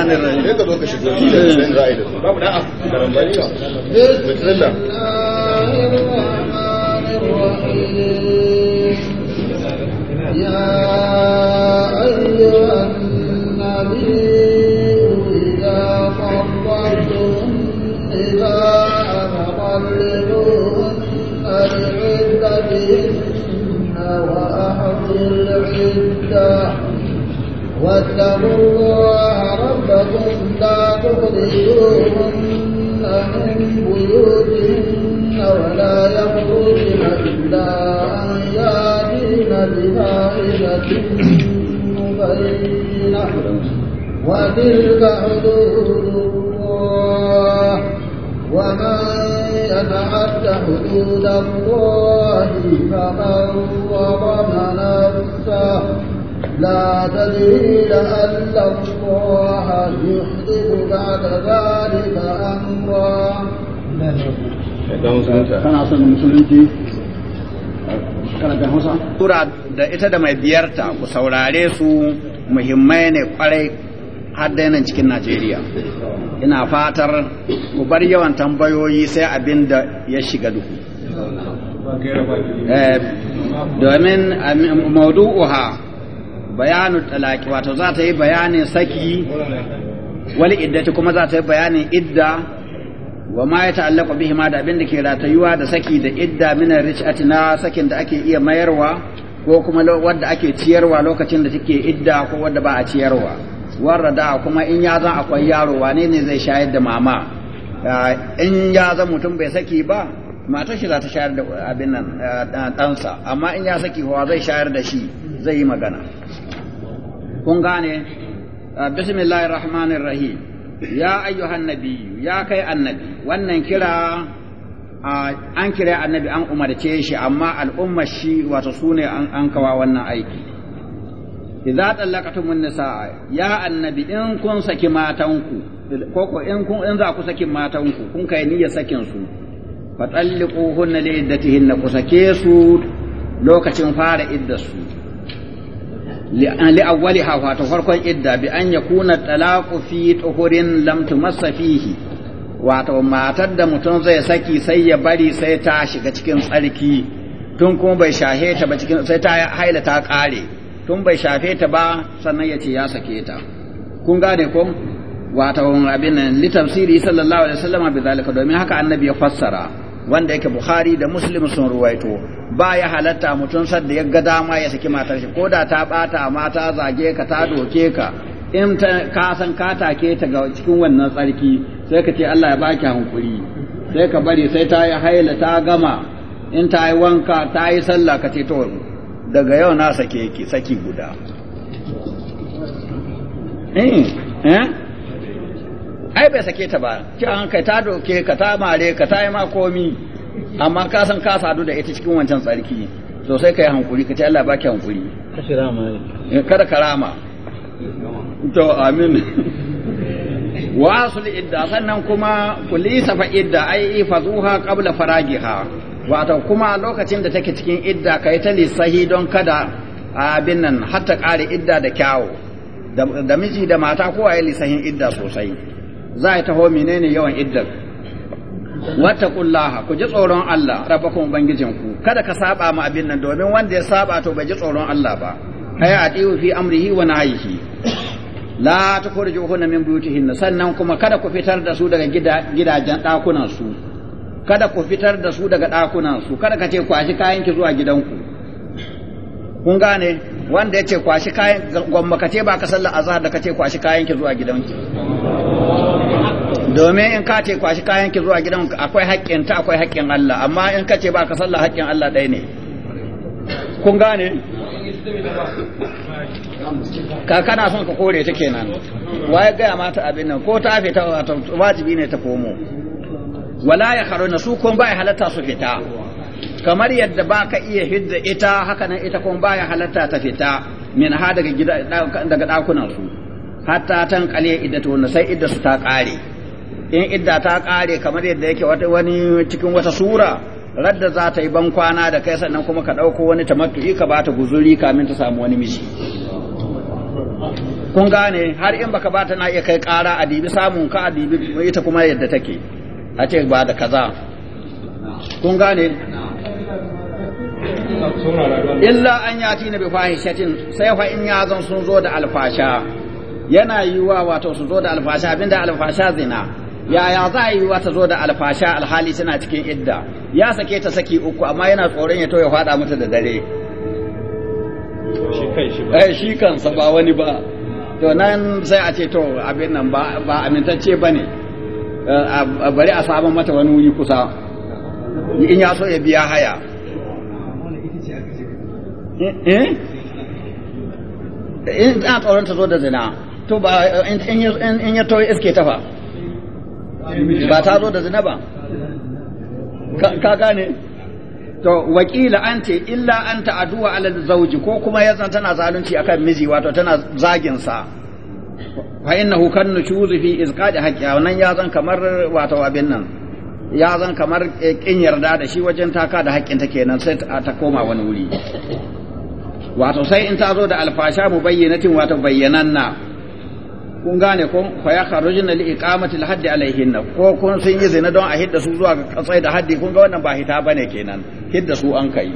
الرحمن الرحيم يا أيها النبي إذا وأحضر العدة واتقوا الله ربكم لا تخرجوهن من بيوتهن ولا يخرجن إلا أن يأتين بفاحشة مبينة وتلك حدود الله ومن يتعد حدود الله فمن ظلم نفسه لا دليل أن الله يحدث بعد ذلك أمرا tura da ita da mai biyarta ku saurare su muhimmai ne kwarai har nan cikin najeriya ina fatar ku bar yawan tambayoyi sai abin da ya shiga duhu eh, domin eh, maudu'uha bayanu talaki wato za ta yi bayanin saki wal iddati kuma za ta yi bayanin idda wa ma ya ta'allaqu bihi ma da abin da ke ratayuwa da saki da idda min rij'ati na sakin da ake iya mayarwa ko kuma wadda ake ciyarwa lokacin da take idda ko wadda ba a ciyarwa warada kuma in ya zan akwai yaro wane ne zai shayar da mama ah, in ya zan mutum bai saki ba matar shi za ta shayar da abin nan eh, ɗansa amma in ya saki kowa zai shayar da shi zai yi magana kun gane eh, bismillahir rahmanir rahim ya ayyuhan nabiyyu ya kai annabi wannan kira an kira annabi an umarce shi amma al'ummar shi wato sune an kawa wannan aiki idza tallaqatumun nisaa ya annabi in kun saki matanku ko ko in kun in za ku saki matanku kun kai niyyar sakin su fatalliquhunna li iddatihinna kusake su lokacin fara iddarsu li awwali ha wato farkon idda bi an yakuna talaqu fi tuhurin lam tumassa fihi wato matar da mutum zai saki sai ya bari sai ta shiga cikin tsarki tun kuma bai shahe ta ba cikin sai ta haila ta kare tun bai shafe ta ba sannan ya ce ya sake ta kun gane ko wato abin nan li tafsiri sallallahu alaihi wasallam bi zalika domin haka annabi ya fassara wanda yake bukhari da muslim sun ruwaito ba ya halatta mutum sarda ya ga dama ya saki matar shi ko da ta bata ma ta zage ka ta doke ka in ta ka san ka take ta ga cikin wannan tsarki sai ka ce Allah ya baki hankuri sai ka bari sai ta yi haila ta gama in ta yi wanka ta yi sallah ka ce to daga yau na sake ki saki guda eh eh ai bai sake ta ba Ki an kai ta doke ka ta mare ka ta yi ma komi amma ka san ka sadu da ita cikin wancan tsarki to sai kai hankuri ka ce Allah baki hankuri eh, kada ka rama to amin wa asul idda sannan kuma kulisa fa idda ai ifazuha qabla faragiha wato kuma lokacin da take cikin idda kai ta lissahi don kada abin nan hatta kare idda da kyawu da miji da mata kowa ya lissahin idda sosai za a taho menene yawan iddar wattaqullaha ku ji tsoron Allah rabbakum ubangijinku kada ka saba ma abin nan domin wanda ya saba to bai ji tsoron Allah ba haya atiyu fi amrihi wa nahihi la hunna min buyutihinna sannan kuma kada ku fitar da su daga gidajen dakunan su kada ku fitar da su daga dakunan su kada ka ce ku ashi kayan ki zuwa gidanku kun gane wanda ya ce kwashi kayan gwamma ka ce ba ka sallar azhar da ka ce kwashi kayan ki zuwa gidanki domin in ka ce kwashi kayan ki zuwa gidan akwai haƙƙin ta akwai haƙƙin Allah amma in ka ce ba ka sallah haƙƙin Allah ɗaya ne kun gane ka kana son ka kore ta kenan waye gaya mata abin nan ko ta fita wajibi ne ta komo wala ya na su kun ba ya halatta su fita kamar yadda ba ka iya hidda ita haka nan ita kun ba ya halatta ta fita min ha daga gida daga dakunan su hatta tan kale idda to sai idda su ta kare in idda ta kare kamar yadda yake wani cikin wata sura radda za ta yi ban kwana da kai sannan kuma ka ɗauko wani tamattu'i ka bata guzuri kamin ta samu wani miji kun gane har in baka bata na iya kai ƙara a dibi samun ka a dibi ita kuma yadda take a ce ba da kaza kun gane illa an ya na bi fahishatin sai fa in ya zan sun zo da alfasha yana yiwa wato su zo da alfasha abinda alfasha zina yaya za a yi wa ta zo da alfasha alhali suna cikin idda ya sake ta saki uku amma yana tsoron ya ya faɗa mata da dare eh, shi kansa ba wani ba to nan sai a ce to abin nan ba amintacce ba ne eh, bari a sabon mata wani wuri kusa in ya so ya biya haya eh, in ta tsoron ta zo da zina to ba in ya to iske tafa ba ta zo da zina ba ka gane to wakila an ce illa an aduwa ala zauji ko kuma yazan tana zalunci akan miji wato tana zagin sa fa innahu kan nushuzu fi izqadi haqqi wannan yazan kamar wato abin nan yazan kamar eh, kin yarda da shi wajen taka da haƙƙin ta kenan sai ta koma wani wuri wato sai in ta zo da alfasha mubayyinatin wato bayyananna kun gane kun fa ya kharujna li iqamati al alaihinna ko kun sun yi zina don a hidda su zuwa ga kasai da haddi kun ga wannan ba hita bane kenan hidda su an kai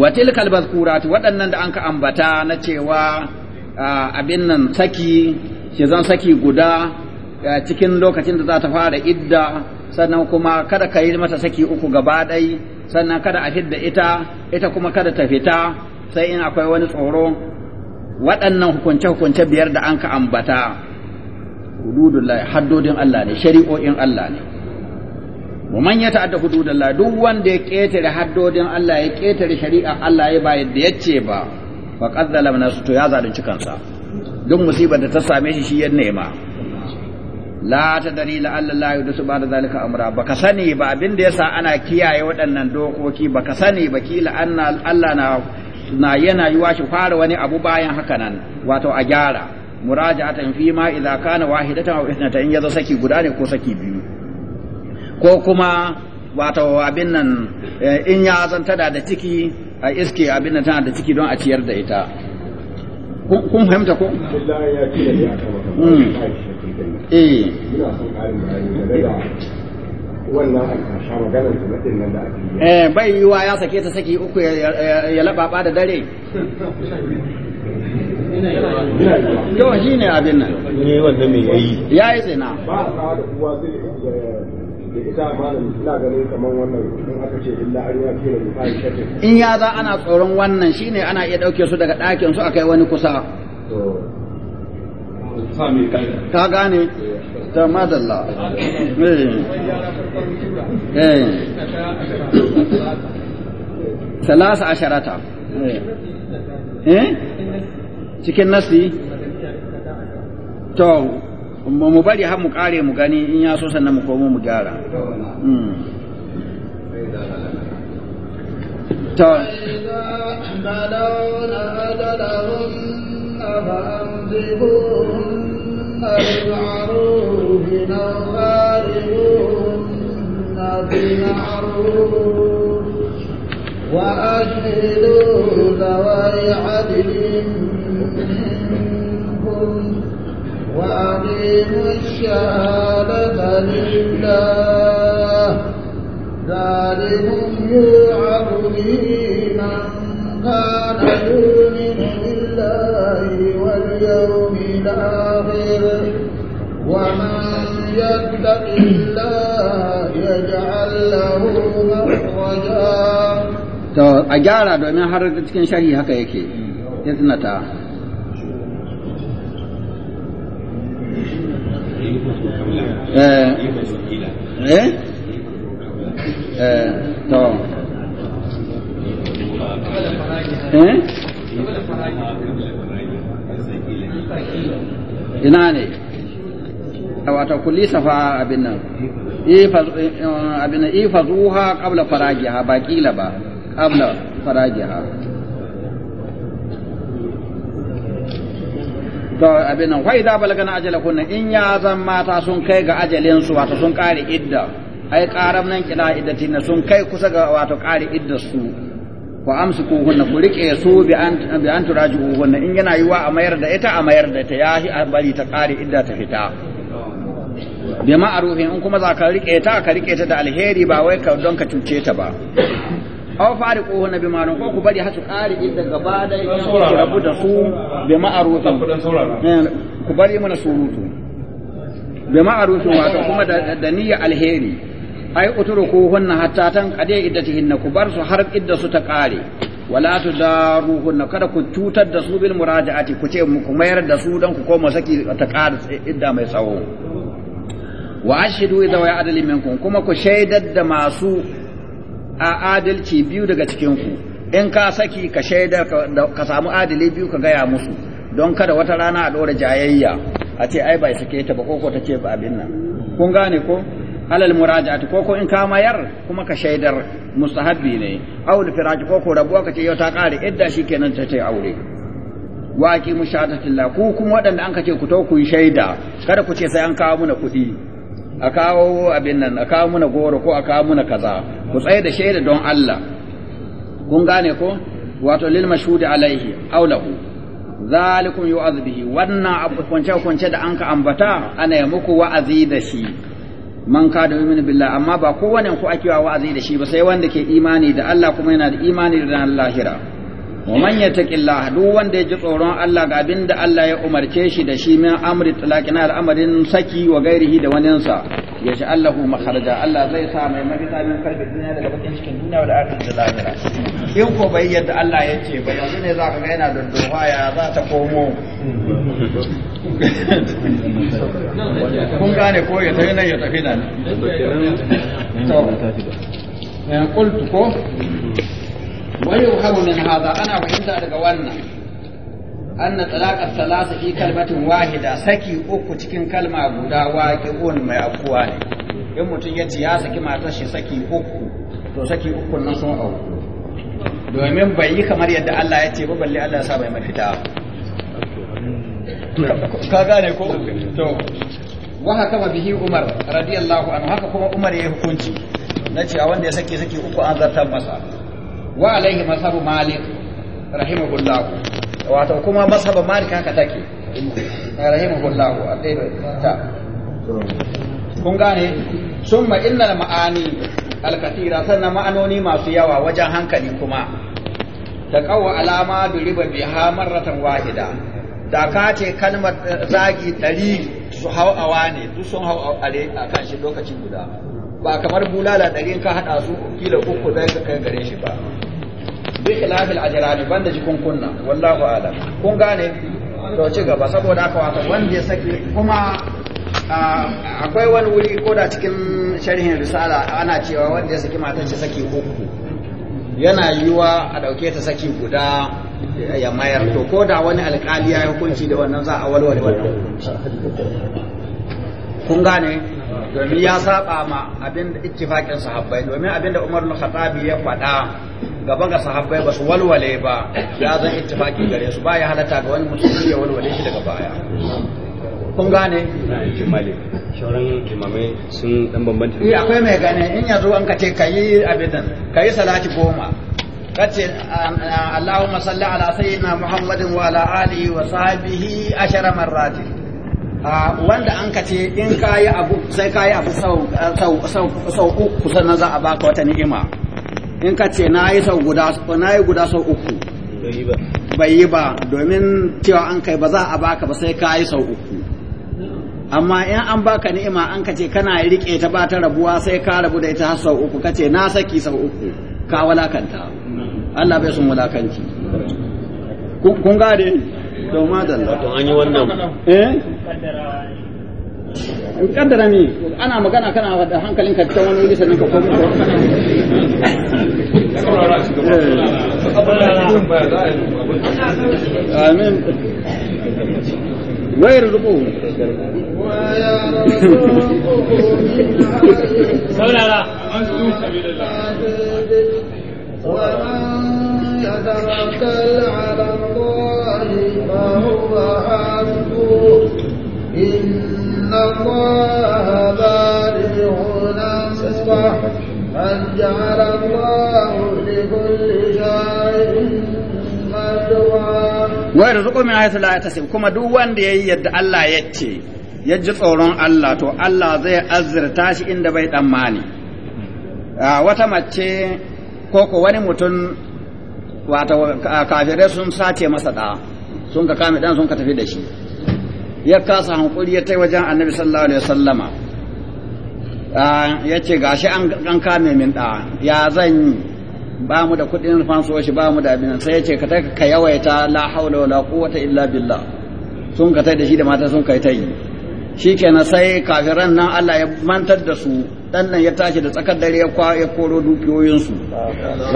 wa tilka al wadannan waɗannan da anka ambata na cewa abin nan saki shi zan saki guda cikin lokacin da za ta fara idda sannan kuma kada ka yi mata saki uku gaba ɗai sannan kada a hidda ita ita kuma kada ta fita sai in akwai wani tsoro waɗannan hukunce-hukunce biyar da an ka ambata hududullahi haddodin Allah ne shari'o'in Allah ne Mu manya ta'adda hududullahi duk wanda ya ƙetare haddodin Allah ya ƙetare shari'a Allah ya ba yadda ya ce ba fa qad to ya zalunci kansa duk musibar da ta same shi shi ya nema la ta dari la Allah la yudusu ba da zalika amra baka sani ba abinda da yasa ana kiyaye waɗannan dokoki baka sani ba kila anna Allah na na yana yiwa shi fara wani abu bayan haka nan wato a gyara muraja'atan fi ma idza kana wahidatan aw in yazo saki guda ne ko saki biyu ko kuma wato abin nan eh, in ya zanta da ciki a iske abin nan tana da ciki don a ciyar da ita kun fahimta ko? Eh. wannan alfasha maganar sunnatin nan da ake yi eh bai yiwa ya sake ta saki uku ya lababa da dare to shi ne abin nan ne wanda me yayi ya yi tsina ba a da kuwa zai da ita malamin ina ganin kamar wannan in aka ce illa an ya kira mu fa'i in ya za ana tsoron wannan shine ana iya ɗauke su daga ɗakin su a kai wani kusa ka gane ta madalla salasa eh. Eh. asharata eh. eh cikin nasi to mu bari har mu kare mu gani in ya so sannan mu komo mu gyara hmm. to فأمسكوهن بالمعروف أو فارقوهن بالمعروف وأشهدوا ذوي عدل منكم وأقيموا الشهادة لله ذلكم يوعظ به من كان يؤمن واليوم الآخر ومن يتق الله يجعل له مخرجا to a gyara domin har cikin shari haka yake isnata eh. eh eh to eh ina ne wata kulli safa abin nan uh, abin nan ifazuha qabla farajiha ba kila ba qabla farajiha to abin nan wai da balagana ajala kunna in ya zan mata sun kai ga ajalin su wato sun kare idda ai karam nan kila tina sun kai kusa ga wato kare idda su ku amsukuhunna ku rike su bi an bi an turaji'uhunna in yana yiwa a mayar da ita a mayar da ita ya shi a bari ta kare idda ta fita bi ma'rufin in kuma za ka rike ta ka rike ta da alheri ba wai ka don ka cuce ta ba aw fariquhunna bi ma'ruf ko ku bari har su kare idda gaba da in ku rabu da su bi ma'rufin eh, ku bari mana surutu bi ma'rufin wato kuma da niyya alheri ai utruku hunna hatta tan iddati hinna ku bar su har idda su ta kare wala tu hunna kada ku cutar da su bil muraja'ati ku ce ku mayar da su dan ku koma saki ta kare idda mai tsawo wa ashidu idza wa minkum kuma ku shaidar da masu a adalci biyu daga cikin ku in ka saki ka shaidar ka samu adali biyu ka gaya musu don kada wata rana a ɗora jayayya a ce ai bai sake ta ba ko ko ta ce ba abin nan kun gane ko alal muraja'ati ko ko in ka mayar kuma ka shaidar mustahabbi ne aw da firaj ko ko rabuwa kace yau ta kare idda shikenan ta tai aure wa aqimu shahadatillah ku kuma wadanda an kace ku to ku shaida kada ku ce sai an kawo muna kuɗi a kawo abin nan a kawo muna goro ko a kawo muna kaza ku tsaye da shaida don Allah kun gane ko wato lil mashhudi alaihi aw lahu zalikum yu'adhibu wannan abu kwance kwance da anka ambata ana yi muku wa'azi da shi man ka da yumin billah amma ba kowane ku ake wa wa'azi da shi ba sai wanda ke imani da Allah kuma yana da imani da lahira wa man yattaqillah duk wanda ya ji tsoron Allah ga abin da Allah ya umarce shi da shi min amri na al'amarin saki wa gairihi da waninsa ya sha Allahu makharaja Allah zai sa mai mafita min kalbi duniya daga bakin cikin duniya da akhir da lahira in ko bai yadda Allah ya ce ba yanzu ne zaka ga yana dondowa ya za ta komo kun gane ko ya tafi nan ya tafi nan to ya eh, qultu ko ويوهم من هذا ana fahimta daga wannan أن talaka الثلاثة fi kalmatin wahida, saki, uku, cikin kalma guda waqi'un mai afuwa ne in mutum ya ce ya saki matar shi saki uku to saki uku nan sun auku domin bai yi kamar yadda Allah ya ce ba balle Allah ya sa bai mafita ka gane ko to wa haka ma bihi Umar radiyallahu anhu haka kuma Umar ya yi hukunci nace a wanda ya saki saki uku an zartar masa wa alaihi masabu malik rahimahullahu wato kuma masabu malik haka take rahimahullah ta kun gane summa innal ma'ani alkatira sannan ma'anoni masu yawa wajen hankali kuma ta kawo alama duriba biha marratan wahida da ka ce kalmar eh, zagi ɗari su hau awa ne duk sun hau a kan lokacin lokaci guda ba kamar bulala ɗari ka haɗa su kila uku zai ka kai gare shi ba bi khilafil ajrani banda jikun kunna wallahu alam kun gane to ci gaba saboda haka wato wanda ya saki kuma akwai wani wuri ko da cikin sharhin risala ana cewa wanda ya saki matan shi saki uku yana yiwa a dauke ta saki guda ya mayar to ko da wani alƙali ya hukunci da wannan za a walwale wannan kun gane domin ya saba ma abin da ittifaqin sahabbai domin abin da Umar bin Khattab ya faɗa gaba ga sahabbai ba su walwale ba ya zan ittifaqi gare su ba ya halata ga wani musulmi ya walwale shi daga baya kun gane jimale shauran imamai sun dan bambanta eh akwai mai gane in yazo an kace kayi abidan kayi salati goma kace Allahumma salli ala sayyidina Muhammadin wa ala alihi wa sahbihi ashara marrati Ah, wanda an ka ce in ka yi abu sai ka yi abu sau uku sannan za a baka wata ni'ima in ka ce na yi sau guda na yi guda sau uku bai yi ba domin cewa an kai ba za a baka ba sai ka yi sau uku amma in an baka ni'ima an ka ce kana rike ta ba ta rabuwa sai ka rabu da ita har sau uku ka ce na saki sau uku ka walakanta Allah bai sun wulakanci kun gane to madalla an yi wannan eh in kaddara ni ana magana kana da hankalinka ta wani wuri ka komo eh. amin ومن wai da إن kuma duk wanda yayi yadda Allah ya ce, ya ji tsoron Allah to Allah zai azurta shi inda bai tsammani wata mace ko ko wani mutum wata kafirai sun sace masa da sun ka kame dan sun ka tafi da shi ya kasa hankuri ya tai wajen annabi sallallahu alaihi wasallama ah, ya ce gashi an kame min da ya zan yi ba mu da kuɗin fanso shi ba mu da abin sai ya ce ka ka yawaita la haula wala quwwata illa billah sun ka tai da shi da mata sun kai tai shikenan sai kafiran nan Allah ya mantar da su dan nan ya tashi da tsakar dare ya kwa ya koro dukiyoyinsu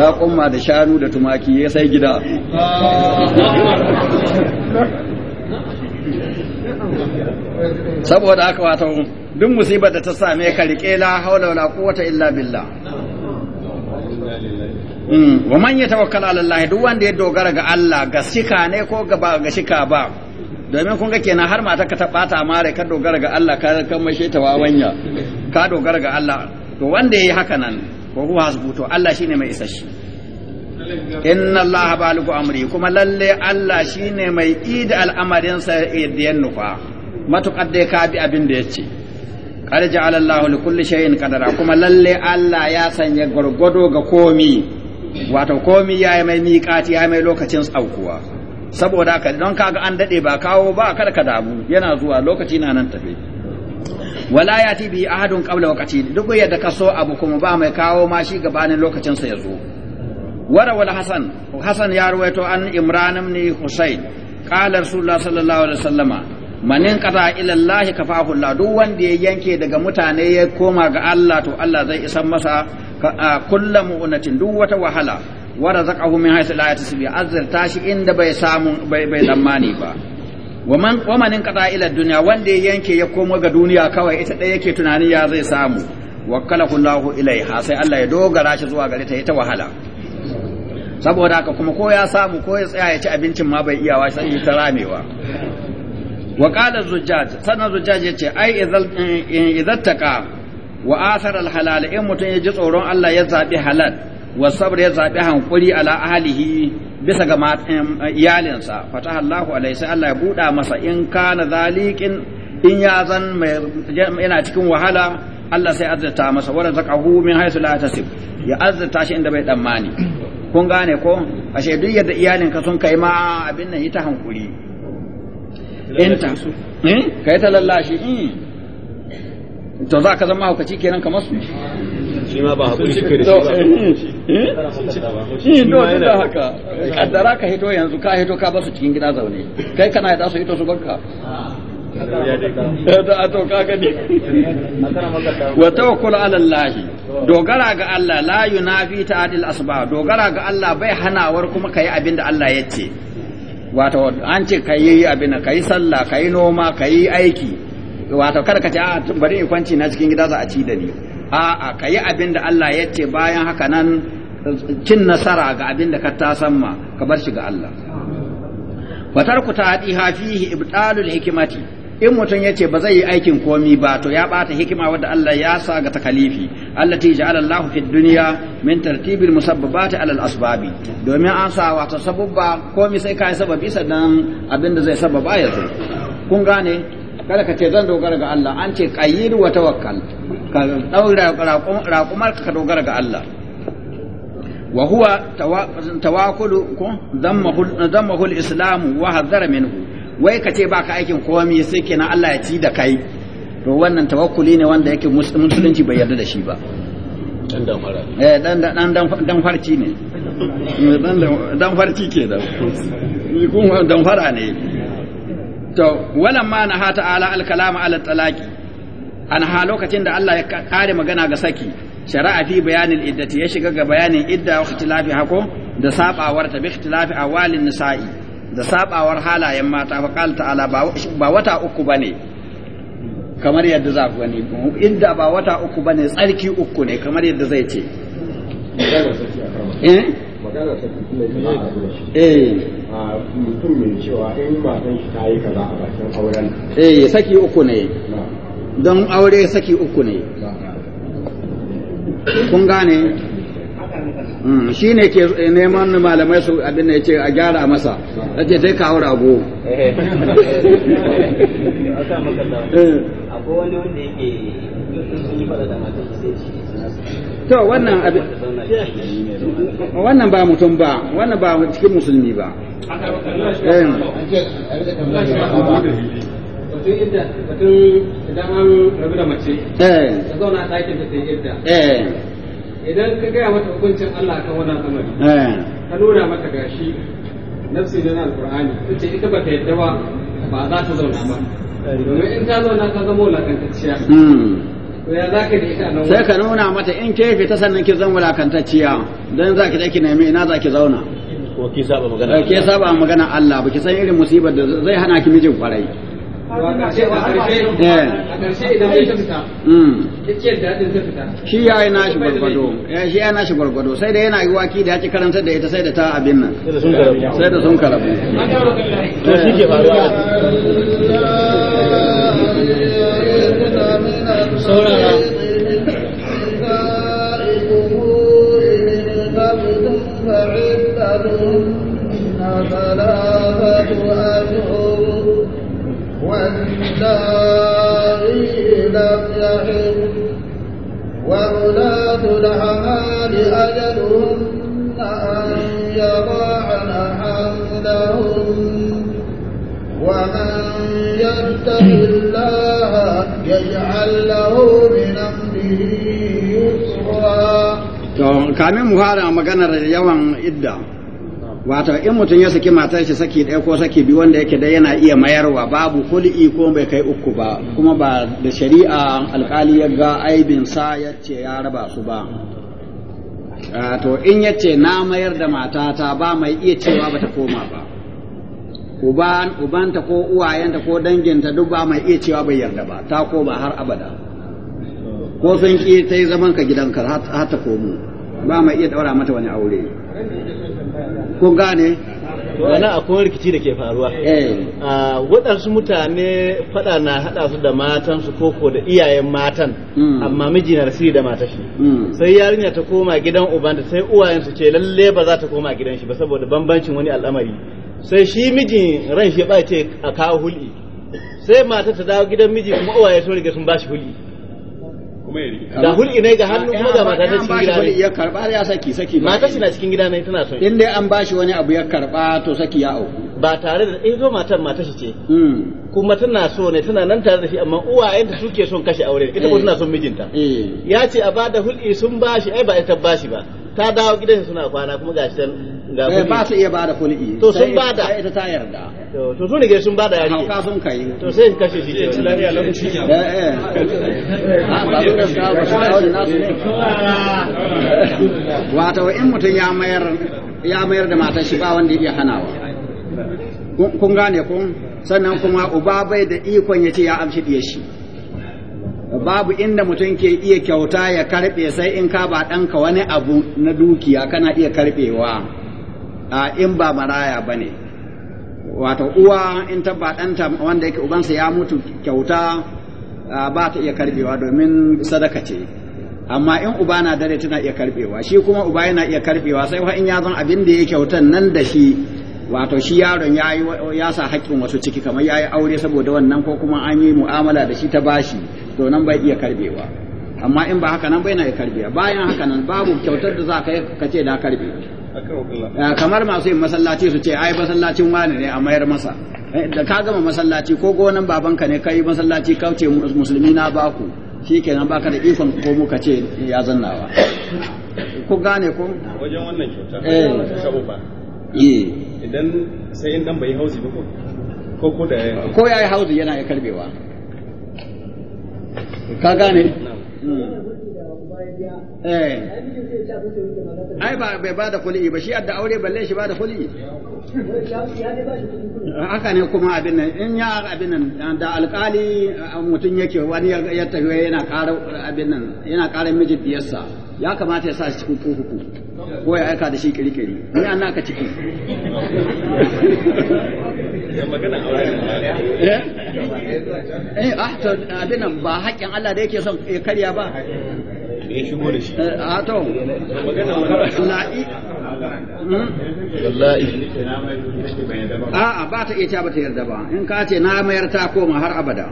raƙumma da shanu da tumaki ya sai gida saboda haka wato duk musibar da ta same ka rike la haula wala quwwata illa billah mm, wa man tawakkala ala Allah duk wanda ya dogara ga Allah ga shika ne ko ga ba ga shika ba domin kun ga kenan har mata ka ta bata mare ka dogara ga Allah ka kan mashe ta wanya ka dogara ga Allah to wanda yayi haka nan ko huwa hasbu Allah shine mai isashi inna Allah baliku amri kuma lalle Allah shine mai ida al'amarin sa yadda ya nufa matukar dai ka bi abin da yace qad ja'ala Allah li kulli shay'in qadara kuma lalle Allah ya sanya gwargwado ga komi wato komi yayi mai miƙati yayi mai lokacin tsaukuwa saboda haka don kaga an dade ba kawo ba kada ka damu yana zuwa lokaci na nan tafe wala ya tibi a ahadun qabla waqati duk yadda ka so abu kuma ba mai kawo ma shi gabanin lokacin sa yazo wara wal hasan hasan ya ruwaito an imran ibn husayn qala rasulullah sallallahu alaihi wasallama manin qata ila allah kafahu allah duk wanda ya yanke daga mutane ya koma ga Allah to Allah zai isan masa kullu unatin duk wata wahala wara zaqahu min haythu la yatasibi azzar tashi inda bai samu bai bai ba waman wamanin kada ila duniya wanda ya yanke ya komo ga duniya kawai ita ɗaya yake tunani ya zai samu wakkalahu Allahu ilaiha sai Allah ya dogara shi zuwa gare ta ita wahala saboda haka kuma ko ya samu ko ya tsaya ya ci abincin ma bai iyawa sai ya ta ramewa wa qala zujjaj sanan zujjaj yace ai idzal eh, eh, idzattaqa wa athara al halal in mutun ya ji tsoron Allah ya zabi halal والصبر يزعب hankuri ala ahlihi bisa ga eh, iyalinsa fataha Allahu alaihi sai Allah ya buɗa masa in kana zalikin in ya zan yana cikin wahala Allah sai azzata masa wa razaqahu min haythu la tasib ya azzata shi inda bai tsammani kun gane ko ashe duk yadda iyalinka sun kai ma abin nan ita hankuri inta eh kai ta lallashi eh. to za ka zama hukaci kenan kamar su shi ma ba hakuri shi kai da shi eh no duk da haka kaddara ka hito yanzu ka hito ka basu cikin gida zaune kai kana da su hito su banka da to ka ne. wa tawakkul ala Allah dogara ga Allah la yunafi ta'dil asbab dogara ga Allah bai hanawar kuma kai abinda Allah ya ce wato an ce kai abin kai sallah kai noma kai aiki wato kada ka ce a ah, bari in kwanci na cikin gida za a ci da ni a'a kai abinda Allah ya ce bayan haka nan cin nasara ga abin da ka ma ka bar shi ga Allah wa tarku ta'diha fihi ibtalul hikimati, in mutum yace ba zai yi aikin komi ba to ya bata hikima wadda Allah ya sa ga takalifi allati ja'ala Allahu fid dunya min tartibil musabbabati ala al asbabi domin an sa wa sababba komi sai kai sababi sannan abin da zai sababa ya zo kun gane kada ka ce zan dogara ga Allah an ce qayyid wa tawakkal ka daura raƙumar ka dogara ga Allah wa huwa tawakulu ko dammahu al-islam wa hadhara minhu wai kace baka aikin komai sai kenan Allah ya ci da kai to wannan tawakkuli ne wanda yake musulunci bai yarda da shi ba dan damara eh dan dan dan farci ne dan dan farci ke da ni kuma dan fara ne to wala ma na hata ala al-kalam ala talaqi an ha lokacin da Allah ya kare magana ga saki shari'a fi bayanin iddati ya shiga ga bayanin idda wa ikhtilafi hako da sabawar ta bi ikhtilafi awalin nisa'i da sabawar halayen mata fa qala ta'ala ba wata uku bane kamar yadda za ku gani idda ba wata uku bane tsarki uku ne kamar yadda zai ce eh mutum mai cewa in matan shi ta yi kaza a bakin auren eh saki uku ne don aure saki uku ne kun gane hmm, shi ne ke neman malamai su abin da ya ce a gyara masa eh. Eh. da ke sai kawo rago to wannan abin wannan ba mutum ba wannan ba cikin musulmi ba batun idda batun idan an rabu da mace eh ta zauna ɗakin da ta yi idda eh idan ka gaya mata hukuncin Allah kan wannan al'amari eh ka nuna mata gashi nafsi da na alqur'ani tace ita ba ta yadda ba ba za ta zauna ba domin in ta zauna ka zama wulakantacciya hmm. sai ka nuna mata in ke fita sannan ki zan wulakantacciya don za ki je ki nemi ina za ki zauna ko ki saba magana Allah ba ki san irin musibar da zai hana ki mijin kwarai shi ya yi nashi eh, shi ya nashi sai da yana yi ki da ya ci karantar da ita sai da ta abin nan sai da sun karabu to shi ke faruwa اللائي لم يحل وأولاة الأعمال أجلهن أن يضاعن حملهم ومن يتق الله يجعل له من أمره يسرا. To, kamin mu fara maganar yawan wato in mutum ya saki matar shi saki ɗaya ko saki biyu wanda yake dai yana iya mayarwa babu kul'i ko bai kai uku ba kuma ba da shari'a alƙali ya ga aibin sa ya ce ya raba su ba to in ya ce na mayar da matata ba mai iya cewa bata koma ba uban ubanta ko uwayenta ko danginta duk ba mai iya cewa bai yarda ba ta koma har abada ko sun ki ta yi zaman ka gidanka har ta komo ba mai iya daura mata wani aure ko gane wani akwai rikici da ke faruwa eh. waɗansu mutane faɗa na haɗa su da su koko da iyayen matan hmm. amma miji na siri da matashi hmm. sai yarinya ta koma gidan ubanta sai uwayen su ce lalle ba za ta koma gidan shi ba saboda bambancin wani al'amari sai shi mijin ran shi ba ce a kawo hulɗi sai mata ta dawo gidan miji kuma uwaye sun riga sun ba shi hulɗi kuma ya da hulki ne ga hannu kuma ga mata cikin gida ne ya karba ya saki saki mata shi na cikin gida ne tana son in dai an bashi wani abu ya karba to saki ya au ba tare da eh zo matan mata shi ce hmm. kuma tana so ne tana nan tare da shi amma uwayenta suke son kashe aure ita ko eh. tana son mijinta eh. ya ce a bada hulki sun bashi ai ba ita bashi ba ta dawo gidan suna kwana kuma ga shi eh, ga kuɗi ba su iya ba da kuɗi to sun ba da ita ta yarda to su ne sun ba da yari hauka sun kai to sai in kashe shi ke wani eh eh ah, ba su da suka ba su dawo da nasu ne wato in mutum ya mayar ya mayar da matar shi ba wanda ya hanawa kun gane kun sannan kuma uba bai da ikon ya ce ya amshi diyar shi babu inda mutum ke iya kyauta ya karɓe sai in ka ba ɗanka wani abu na dukiya kana iya karɓewa a in ba maraya ba ne wato uwa in ta ba ɗanta wanda yake ubansa ya mutu kyauta ba ta iya karɓewa domin sadaka ce amma in uba na dare tana iya karɓewa shi kuma uba yana iya karɓewa sai in ya zan abin da ya kyautan nan da shi wato shi yaron ya yi ya sa haƙƙin wasu ciki kamar ya yi aure saboda wannan ko kuma an yi mu'amala da shi ta bashi to nan bai iya karbewa amma in ba haka nan bai na iya karbewa bayan haka nan babu kyautar da za ka yi ka ce na karbe kamar masu yin masallaci su ce ai masallacin wani ne a mayar masa eh, da ka gama masallaci ko gonan babanka ne ka yi masallaci kauce musulmi na baku shi kenan baka da ikon ko ka ce ya zannawa ku gane ko wajen wannan kyauta eh. saboda eh. idan sai in dan bai hauzi ba ko ko ko da ko yayi hauzi yana ya karbewa ka gane eh ai ba bai bada kuli ba shi adda aure balle shi bada kuli haka ne kuma abin nan in ya abin nan da alkali mutum yake wani ya tafiya yana ƙara abin nan yana ƙara miji biyarsa ya kamata ya sa shi cikin kurkuku ko ya aika da shi kirkiri ni an naka ciki eh, eh ah to abinan ba haƙin Allah da yake son ya karya ba ya a eh, ah, to hmm? la'i a'a ba ta iya ta ba ta yarda ba in ka ce na mayar ta koma har abada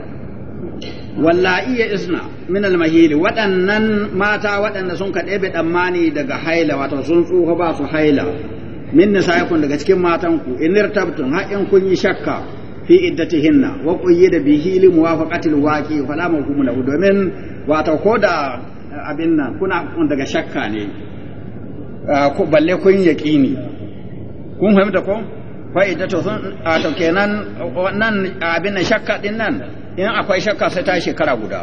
wallahi iya isna min almahili waɗannan mata waɗanda sun ka bi ɗammani daga haila wato sun tsufa ba su haila min nisaikum daga cikin matanku in irtabtum har in kun yi shakka fi iddatihinna wa qayyida bihi li muwafaqatil waqi fala mahkum lahu domin wato ko da eh, abin nan kuna daga shakka ne eh, ko balle kun yaqini kun fahimta ko fa iddatu sun a to kenan wannan abin shakka din nan in akwai shakka sai ta shekara guda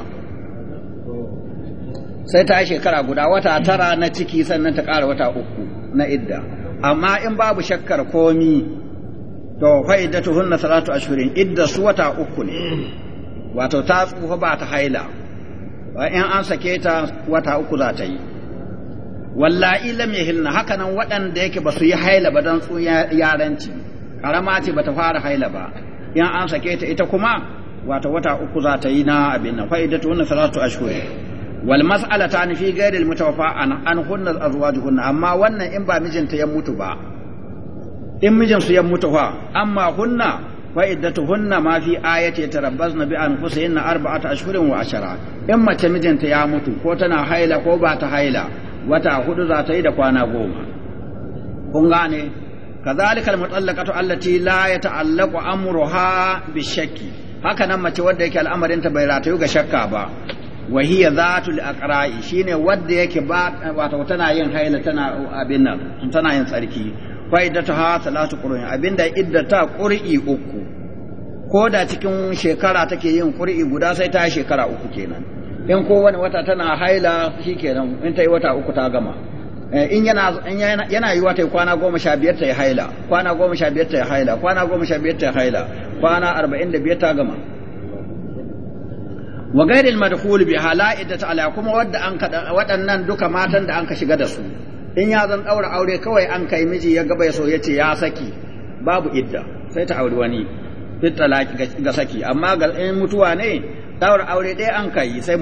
sai ta shekara guda wata tara na ciki sannan ta ƙara wata uku na idda amma in babu shakkar komi to fa'idatu hunna salatu ashhurin idda su wata uku ne wato ta tsufa ba ta haila in an sake ta wata uku za ta yi wallahi lam yahilna hakanan waɗanda yake ba su yi haila ba dan tsu yaranci karama ce bata fara haila ba in an sake ta ita kuma Wata wata uku za ta yi na abin nan fa'idatu hunna salatu shuri wal mas'alata ta nufi gairil mutawafa an an hunna azwajuhunna amma wannan in ba mijinta ya mutu ba in mijinsu ya mutu fa amma hunna fa'idatu hunna ma fi tarabbas na bi an kusa husayna arba'ata shuri wa ashara in mace mijinta ya mutu ko tana haila ko ba ta haila wata hudu za ta yi da kwana goma kun gane كذلك المطلقة ya ta'allaku amruha bi shakki haka nan mace wadda yake al'amarinta bai ratayu ga shakka ba wa hiya zatul aqra'i shine wadda yake ba wato tana yin haila tana abin nan tana yin tsarki fa ha salatu qur'i abinda iddata qur'i uku ko da cikin shekara take yin qur'i guda sai ta shekara uku kenan in ko wani wata tana haila shikenan in ta yi wata uku ta gama Eh, in yana yana yiwa ta kwana goma sha biyar ta yi haila kwana goma sha biyar ta yi haila kwana goma sha biyar ta yi haila kwana arba'in da biyar ta gama wa gairi madhul bi hala'idat ala kuma wadda an kada waɗannan duka matan da an ka shiga da su in ya zan daura aure kawai an kai miji ya gaba so yace ya saki babu idda sai ta auri wani fit talaki ga saki amma ga in mutuwa ne daura aure ɗaya an kai sai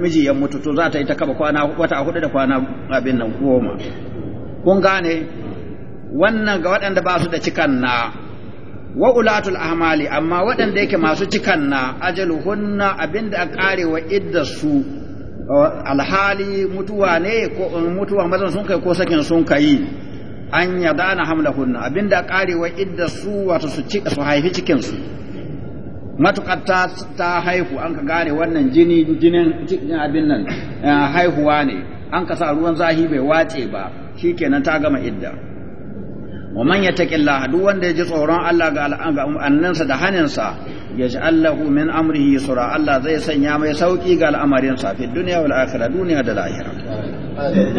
miji ya mutu to za ta yi ta kaba kwana wata hudu da kwana abin nan goma kun gane wannan ga waɗanda ba su da cikan na wa ulatul ahmali amma waɗanda yake masu cikan na ajalu hunna abinda a wa idda su alhali mutuwa ne ko mutuwa mazan sun kai ko sakin sun kai an yadana hamlahunna abinda a wa idda su wato su haifi cikin su matuƙar ta haihu an ka gane wannan jini jinin cikin abin nan eh, haihuwa ne an ka sa ruwan zahi bai wace ba shi kenan ta gama idda wa man Allah duk wanda ya ji tsoron Allah ga annansa da haninsa yaj'al allahu min amrihi sura Allah zai sanya mai sauki ga al'amarin sa fi dunya wal akhirah duniya da lahira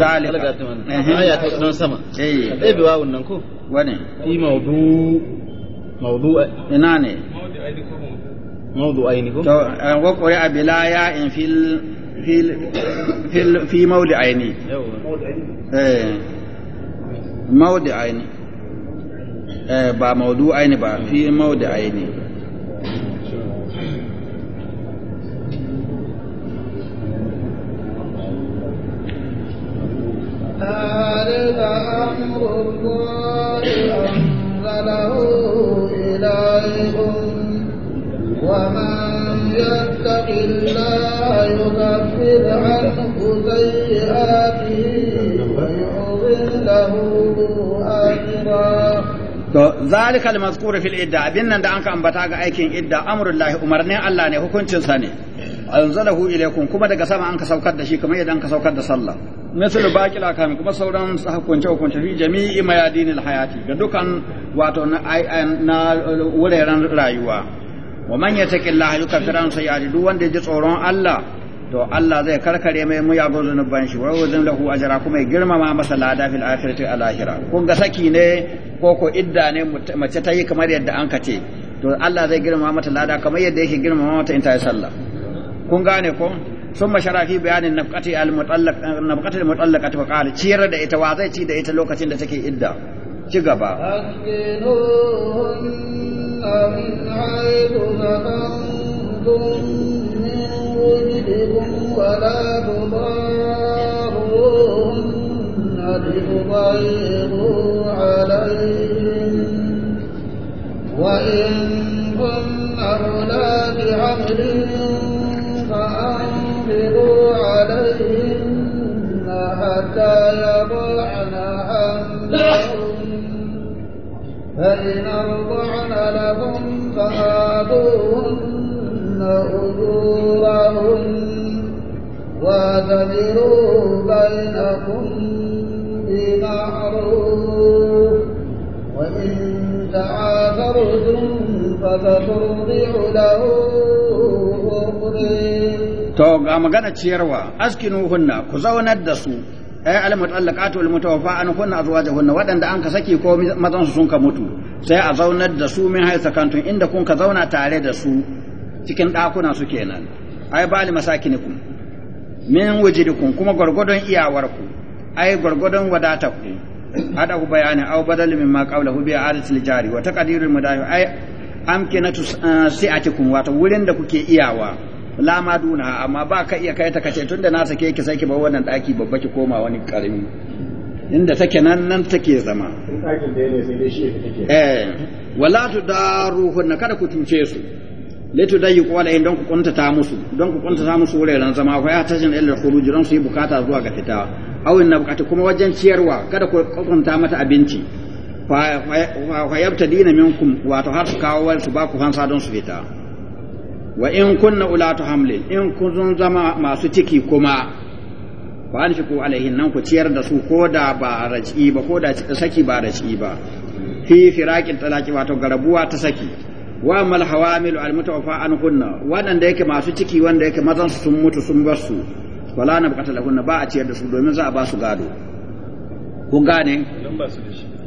zalika mhm. aya ta sama eh. bi wawun nan ko fi eh. ina ne موضوعين آه، وقرئ بلا ياء في ال... في ال... في, ال... في عيني ايه عيني ايه با عيني با في عيني هذا أمر الله ومن يتق الله يكفر عنه سيئاته ويعظم له أجرا To, zalika al fil idda abin nan da an ambata ga aikin idda lahi umarnin Allah ne hukuncinsa ne anzalahu ilaykum kuma daga sama an ka saukar da shi kamar yadda anka ka saukar da sallah misal baqila kam kuma sauran hukunce hukunce fi jami'i mayadinil hayati ga dukan wato na wuraren rayuwa wa man yattaqillaha yukaffir an sayyi'ati duk wanda ya ji tsoron Allah to Allah zai karkare mai mu yago zunuban shi wa yuzin lahu ajra kuma ya girmama masa lada fil akhirati al akhirah kun ga saki ne ko ko idda ne mace ta yi kamar yadda an kace to Allah zai girmama mata lada kamar yadda yake girmama mata in ta yi sallah kun gane ko ثم شرع في بيان النفقة المطلقة النفقة المطلقة وقال ciyar da ita wa zai ci da ita lokacin da take idda ci gaba. Yeah. فإن أرضعن لكم فآتوهن أجورهن واعتبروا بينكم بمعروف وإن تعاثرتم فسترضع له أخرى توقع ga magana أسكنوهن askinuhunna ku ay eh, al mutallaqatu wal mutawaffa kunna azwajuhunna wadanda an ka saki ko mazan su sun ka mutu sai a zaunar da su min haisa kantun inda kun ka zauna tare da su cikin dakuna su kenan ay bali masakinikum min wajidikum kuma gwargwadon iyawarku ay gwargwadon ku hada ku bayani aw badal mimma qawlahu bi adatil jari wa taqdirul mudahi ay amkinatu eh, si'atikum wato wurin da kuke iyawa la ma duna amma ba ka iya kai ta kace tunda na sake ki sai ki bar wannan daki babba ki koma wani karami inda take nan nan take zama dakin da ne sai dai eh, kada ku cuce su laitu dai yi kwala don ku ta musu don ku ta musu wuraren zama akwai ya tajin ilal khuruj don su yi bukata zuwa ga fita aw inna bukata kuma wajen ciyarwa kada ku kunta mata abinci fa yabtadina minkum wato har su kawo su ba ku hansa don su fita wa in kunna ulatu hamli in kun zama masu ciki kuma fa anfiqu alaihin nan ku ciyar da su ko da ba raci ba ko da saki ba raci ba fi firaqin talaki wato garabuwa ta saki wa mal hawamilu al mutawaffa an kunna wadanda yake masu ciki wanda yake mazan su sun mutu sun bar su wala na bukata lahunna ba a ciyar da su domin za a ba su gado kun gane ba su da shi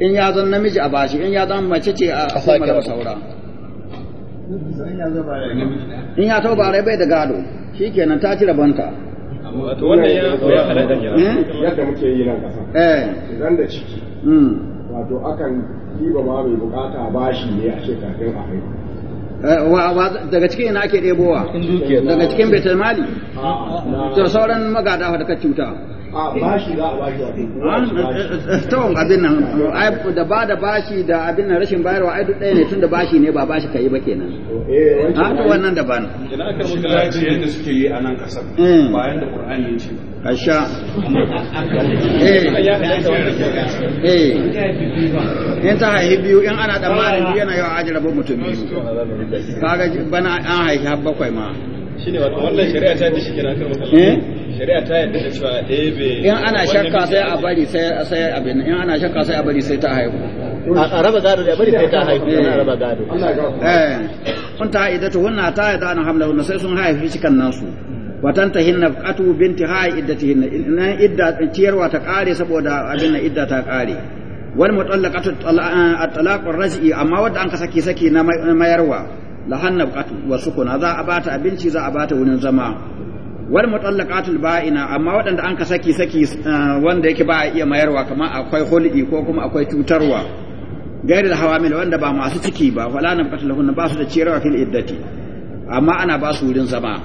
in ya zan namiji a bashi in ya zan mace ce a kuma da saura in ya tau ba rai bai da gado Shi kenan ta ci rabanta Wato wannan ya ya halatta kenan eh? yadda muke yi nan kasa eh idan da ciki hmm. wato akan diba ma mai bukata bashi ne a ce kafin a haihu eh, daga cikin ina ake ɗebowa daga cikin betul mali to sauran magada da ka cuta bashi za a eh, eh, abin nan da ba da bashi da abin nan rashin bayarwa ai duk ɗaya ne tun da bashi ne ba bashi ka yi ba kenan a to eh, wannan da ban ina aka muka laji yadda suke yi a nan kasar bayan da qur'ani ya ce asha eh eh in ta haihi biyu in ana da marin yana yawa ajira ba mutum biyu kaga bana an haihi bakwai ma shine wato wannan shari'a ta shi kenan kan shari'a ta yadda da cewa bai in ana shakka sai a bari sai sai abin in ana shakka sai a bari sai ta haihu a raba gado da bari sai ta haihu eh. ana raba gado eh kun ta to wannan ta yadda an hamla wannan sai sun haifi cikan nasu watan ta hinna qatu binti iddatihinna in idda ciyarwa ta kare saboda abin idda ta kare wal mutallaqatu eh, at raji amma wadda an ka saki saki na mayarwa lahanna qatu wa sukuna za a bata abinci za a bata wurin zama wal mutallaqatul ba'ina amma waɗanda an ka saki saki uh, wanda yake ba a iya mayarwa kamar akwai hulɗi ko kuma akwai cutarwa gairi da hawamil wanda ba masu ciki ba wala na bukatar lahunna ba su da ciyarwa fil iddati amma ana ba su wurin zama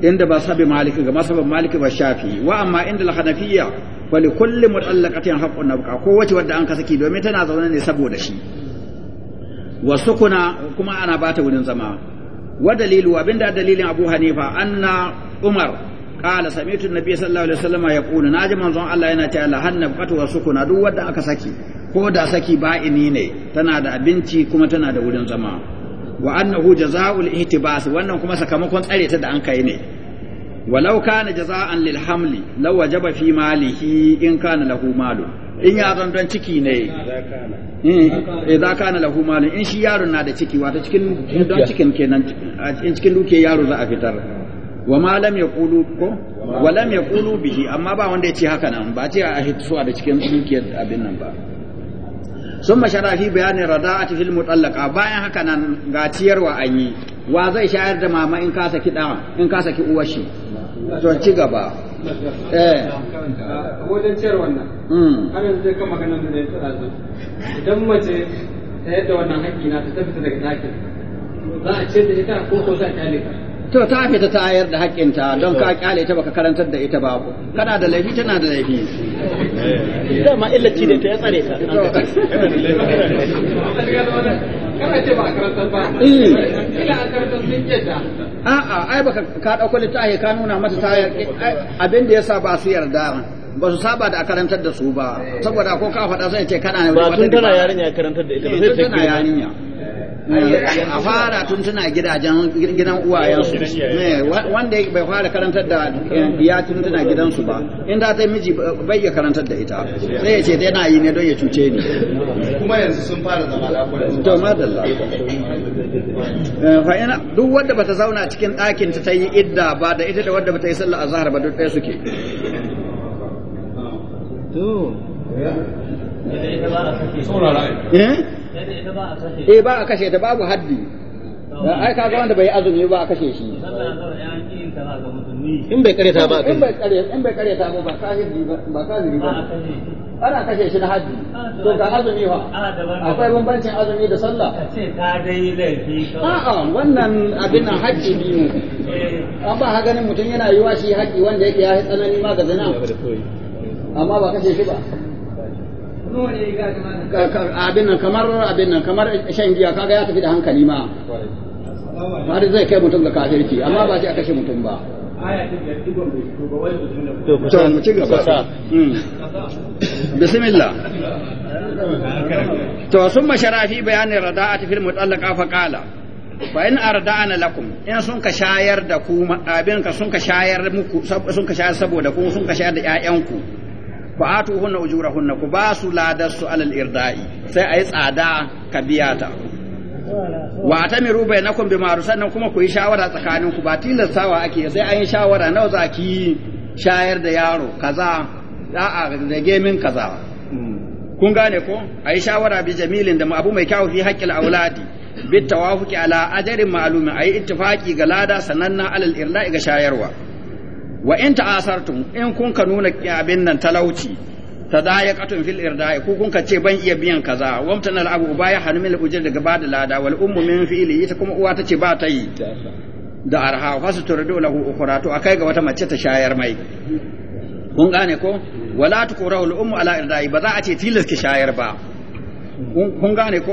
inda ba sabi maliki ga masabin maliki ba shafi wa amma inda al-hanafiyya fa li kulli mutallaqatin haqqun nabqa ko wace wanda an ka saki domin tana zaune ne saboda shi Wa sukuna kuma ana ba ta wurin zama wa dalilu abinda dalilin abu hanifa anna umar qala sami'tu an-nabiy sallallahu alaihi wasallam yaqulu naji manzon Allah yana cewa la hanna fatu wa sukuna duk wanda aka saki ko da saki ba'ini ne tana da abinci kuma tana da wurin zama wa annahu jazaa'ul ihtibas wannan kuma sakamakon tsare ta da an kai ne walau kana jazaa'an lil hamli law wajaba fi malihi in kana lahu malu in ya zan don ciki ne eh, idan kana lahu malu in shi yaron na da ciki wato cikin don cikin kenan in cikin duke yaro za a fitar wa ma ya kulu ko wa lam yaqulu bihi amma ba wanda ya ce haka nan ba ce a hitsuwa da cikin dukiyar abin nan ba sun mashara fi bayanin rada'ati fil mutallaka bayan haka nan ga ciyarwa an yi wa zai shayar da mama in ka saki da in ka saki uwar shi to ci gaba eh wajen ciyar wannan hmm. anan zai kan maganar da ya tsara idan mace ta yadda wannan hakki na ta tafi daga ɗakin za a ce da ita ko ko za a kyale ta to ta fita ta ayar da haƙƙinta don ka kyale ta baka karantar da ita babu kana da laifi tana da laifi da dama illaci ne ta ya tsare ta kana ce ba karantar ba eh. ila an karantar sun yadda a ai baka ka dauko littafi ka nuna mata ta ayar abin da yasa ba su yarda ba su saba da a karantar da su ba saboda ko ka faɗa sai ce kana ne ba tun tana yarinya karantar da ita ba eh, sai ta yarinya a fara tun tana gidajen gidan uwayensu eh, wanda bai fara karantar da eh, ya tun tana gidansu ba in da ta miji eh, bai ya karantar da ita sai ya ce ta yana yi ne don ya cuce ni kuma yanzu sun fara zama lafiya to madalla fa ina duk wanda bata zauna cikin ɗakin ta yi idda ba da ita da wanda bata yi sallah azhar ba duk ɗaya suke to eh eh ba a kashe ta babu haddi da ai ka ga wanda bai azumi ba a kashe shi in bai kare ta ba in bai kare in bai kare ta ba ba kafiri ba kafiri ba ana kashe shi na haddi ah, to ga azumi fa akwai bambancin azumi da sallah ce ka dai laifi a'a wannan abin haddi biyu eh. an ba ha ganin mutum yana yiwa shi haddi wanda yake ya tsanani ma ga zina amma ba kashe shi ba abin nan kamar abin nan kamar shan giya kaga ya tafi da hankali ma har zai kai mutum ga kafirci amma ba sai a kashe mutum ba lakum in sun ka shayar da ku abin ka sun ka shayar muku sun ka shayar saboda ku sun ka shayar da ƴaƴanku Ku fa ujura ujurahunna ku basu ladarsu alal irda'i sai ayi tsada ka biya ta wa atamiru bainakum bi ma'ruf sannan kuma ku yi shawara tsakanin ku ba tilastawa ake sai an yi shawara nawa za ki shayar da yaro kaza a rage min kaza kun gane ko ayi shawara bi jamilin da abu mai kyau fi haqqil auladi bit tawafuqi ala ajrin ma'lumin ayi ittifaqi ga lada sananna alal irda'i ga shayarwa wa in ta'asartum in kun ka nuna abin nan talauci tadayaqatun fil irda'i ku kun ka ce ban iya biyan kaza wamtana al abu baya hanmil ujr daga bada lada wal ummu min fi'li ita kuma uwa tace ba ta yi da arha fa su turdu lahu ukhra to akai ga wata mace ta shayar mai kun gane ko wala tuqrahu al ummu ala irda'i ba za a ce tilas ki shayar ba kun gane ko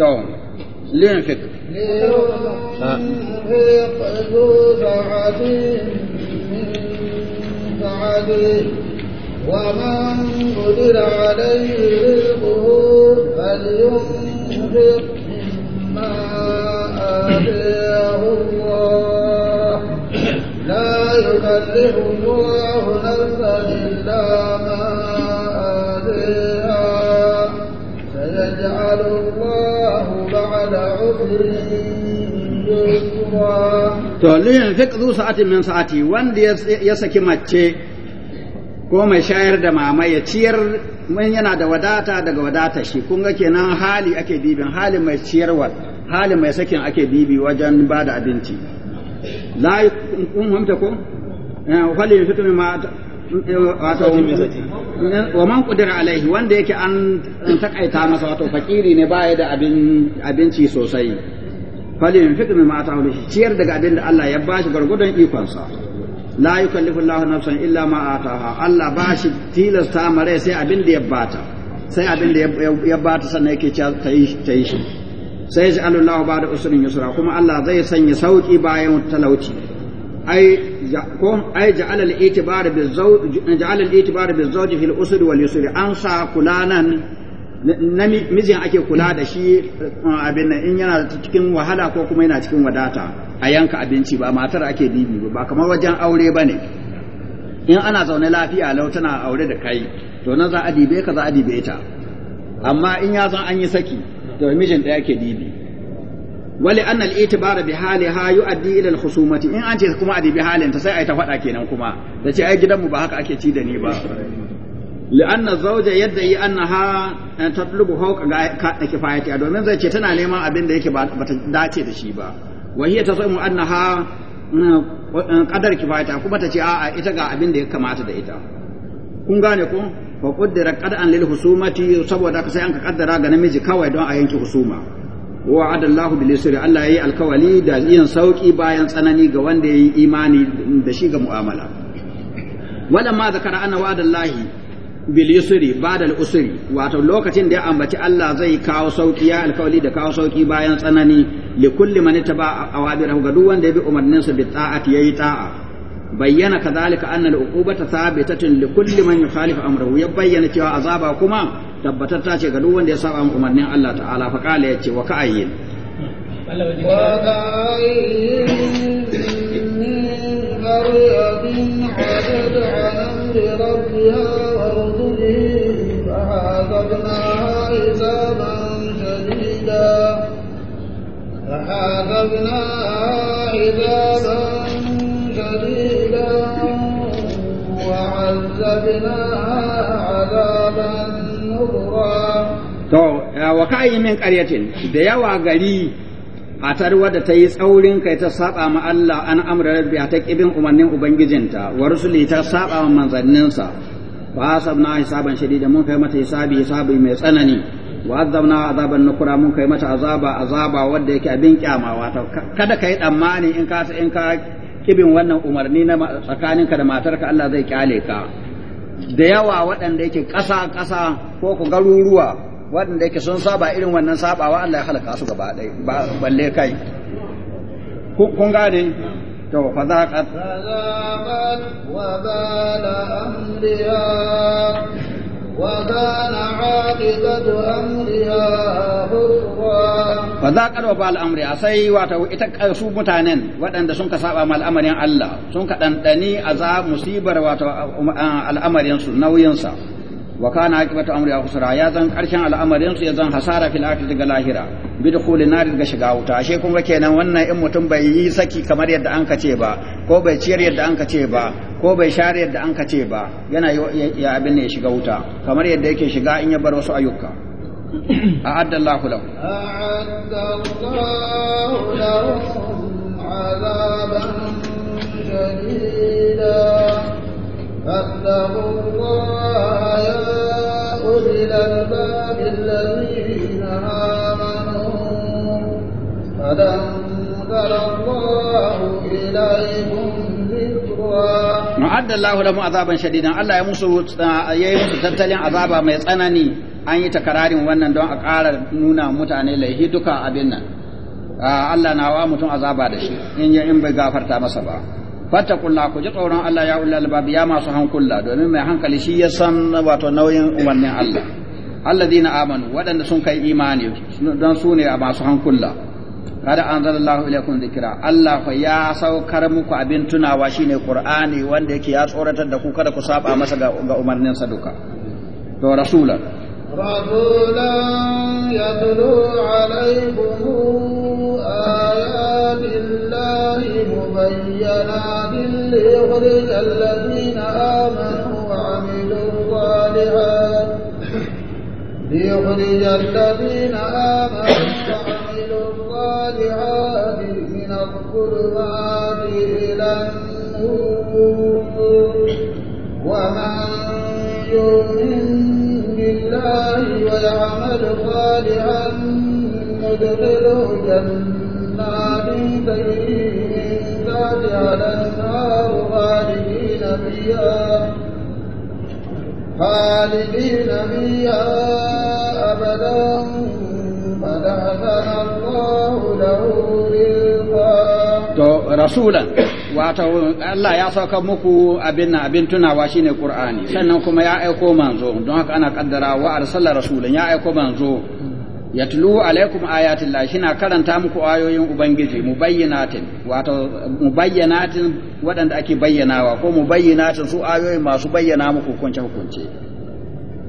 to lin fik ومن قدر عليه رزقه فلينفق مما آتاه الله لا يكلف الله نفسا إلا ما آتيها سيجعل الله بعد عسر to liyan fiq zu sa'atin min sa'ati wanda ya saki mace ko mai shayar da mama ya ciyar mun yana da wadata daga wadata shi kun ga kenan hali ake bibin halin mai ciyarwa halin mai sakin ake bibi wajen ba da abinci la kun hamta ko eh, wali fiq ma wato wa man qudira alaihi wanda yake an takaita masa wato fakiri ne baya da abin abinci sosai fali min fikr ma ta hulu ciyar daga abin da Allah ya bashi gargudan ikon sa la yukallifu Allahu nafsan illa ma ataha Allah bashi tilasta mare sai abin da ya bata sai abin da ya bata sannan yake cewa ta yi shi sai ya ja'alu Allahu ba'da usrin yusra kuma Allah zai sanya sauki bayan talauci ai ko ai ja'ala al-i'tibar bi zawj ja'ala al-i'tibar bi zawj fil usri wal yusri an sa kulanan namijin ake kula da shi uh, abin nan in yana cikin wahala ko kuma yana cikin wadata a yanka abinci ba matar ake dibi ba ba kamar wajen aure ba ne in ana zaune lafiya lau tana aure da kai to na za a dibe ka za a dibe ta amma in ya zan an yi saki to mijin ɗaya ke dibi wali an al-itibara bi haliha yu'addi ila al-khusumati in an ce kuma a dibi halin ta sai yi ta faɗa kenan kuma da ce ai gidanmu ba haka ake ci da ni ba li'anna zauja yadda yi annaha tatlubu fawqa kifayati domin zai ce tana neman abin da ba ta dace da shi ba wa hiya tasamu annaha qadar kifayata kuma ta ce a'a ita ga abin da ya kamata da ita kun gane ko fa qaddara qad'an lil husumati saboda sai an ka kaddara ga namiji kawai don a yanke husuma wa adallahu bil yusri Allah yayi alkawali da yin sauki bayan tsanani ga wanda ya yi imani da shi ga mu'amala walamma zakara anna wa'adallahi bil ba da al wato lokacin da ya ambaci Allah zai kawo sauki ya alkawali da kawo sauki bayan tsanani li kulli man taba awabirahu ga duk wanda ya bi umarnin sa bi ta'ati yayi ta'a bayyana kadhalika anna al uqubata thabitatun li kulli man yukhalifu amrahu ya bayyana cewa azaba kuma tabbatar ta ce ga duk wanda ya saba umarnin Allah ta'ala fa kala yace wa ka'ayyin wa ka'ayyin بربها وغضبه فحاسبناها حسابا شديدا فحاسبناها حسابا شديدا وعذبناها عذابا نكرا. To, wa ka'ayyin min ƙaryatin da yawa gari A hatarwa da ta yi tsaurin kai ta saba ma Allah an amra rabbi ta kibin umarnin ubangijinta wa rusuli ta saba ma manzanninsa wa asabna hisaban shadida mun kai mata hisabi hisabi mai tsanani wa azabna azaban nukura mun kai mata azaba azaba wanda yake abin kyama wato kada kai tsammani in ka in ka kibin wannan umarni na tsakaninka da matarka Allah zai kyale ka da yawa waɗanda yake ƙasa ƙasa ko ku garuruwa waɗanda yake sun saba irin wannan sabawa Allah ya halaka su gaba ɗai balle kai kun gane to fa zaqat wa la amriya wa la aqidatu amriya fa ka wa bal amriya sai wata ita su mutanen waɗanda sun ka saba ma al'amarin Allah sun ka dandani azab musibar wato um, al'amarin su nauyin sa wa kana aqibatu amri ya khusra ya zan karshen al'amarin su ya zan hasara fil akhirati ga lahira bi dukhuli nar ga shiga wuta ashe kuma kenan wannan in mutum bai yi saki kamar yadda an kace ba ko bai ciyar yadda an kace ba ko bai share yadda an kace ba yana ya abin ne ya shiga wuta kamar yadda yake shiga in ya bar wasu ayyuka أعد الله له Ma'adda Allah lahu azaban shadidan Allah ya musu yayi musu tattalin azaba mai tsanani an yi takararin wannan don a ƙara nuna mutane laihi duka abin nan Allah na wa mutum azaba da shi in bai gafarta masa ba fattakulla ku ji tsoron Allah ya ulal albab ya masu hankula domin mai hankali shi ya san wato nauyin umarnin Allah alladina amanu waɗanda sun kai imani don su ne a masu hankula kada Allah ilaikum dhikra Allah fa ya saukar muku abin tunawa shine Qur'ani wanda yake ya tsoratar da ku kada ku saba masa ga umarnin sa duka to rasula rasulan yatlu alaikum مبينات ليخرج الذين آمنوا وعملوا الصالحات ليخرج الذين آمنوا وعملوا الصالحات من الظلمات إلى النور ومن يؤمن بالله ويعمل صالحا ندخله جنات تجري الجنات النار أبدا rasulan wato Allah ya sauka muku abin abin tunawa shine Qur'ani sannan kuma ya aiko manzo don haka ana kaddara wa arsala rasulan ya aiko manzo yatlu alaikum ayatillahi shina karanta muku ayoyin ubangiji mubayyinatin wato mubayyinatin waɗanda ake bayyanawa ko mubayyinatin su ayoyin masu bayyana muku hukunce hukunce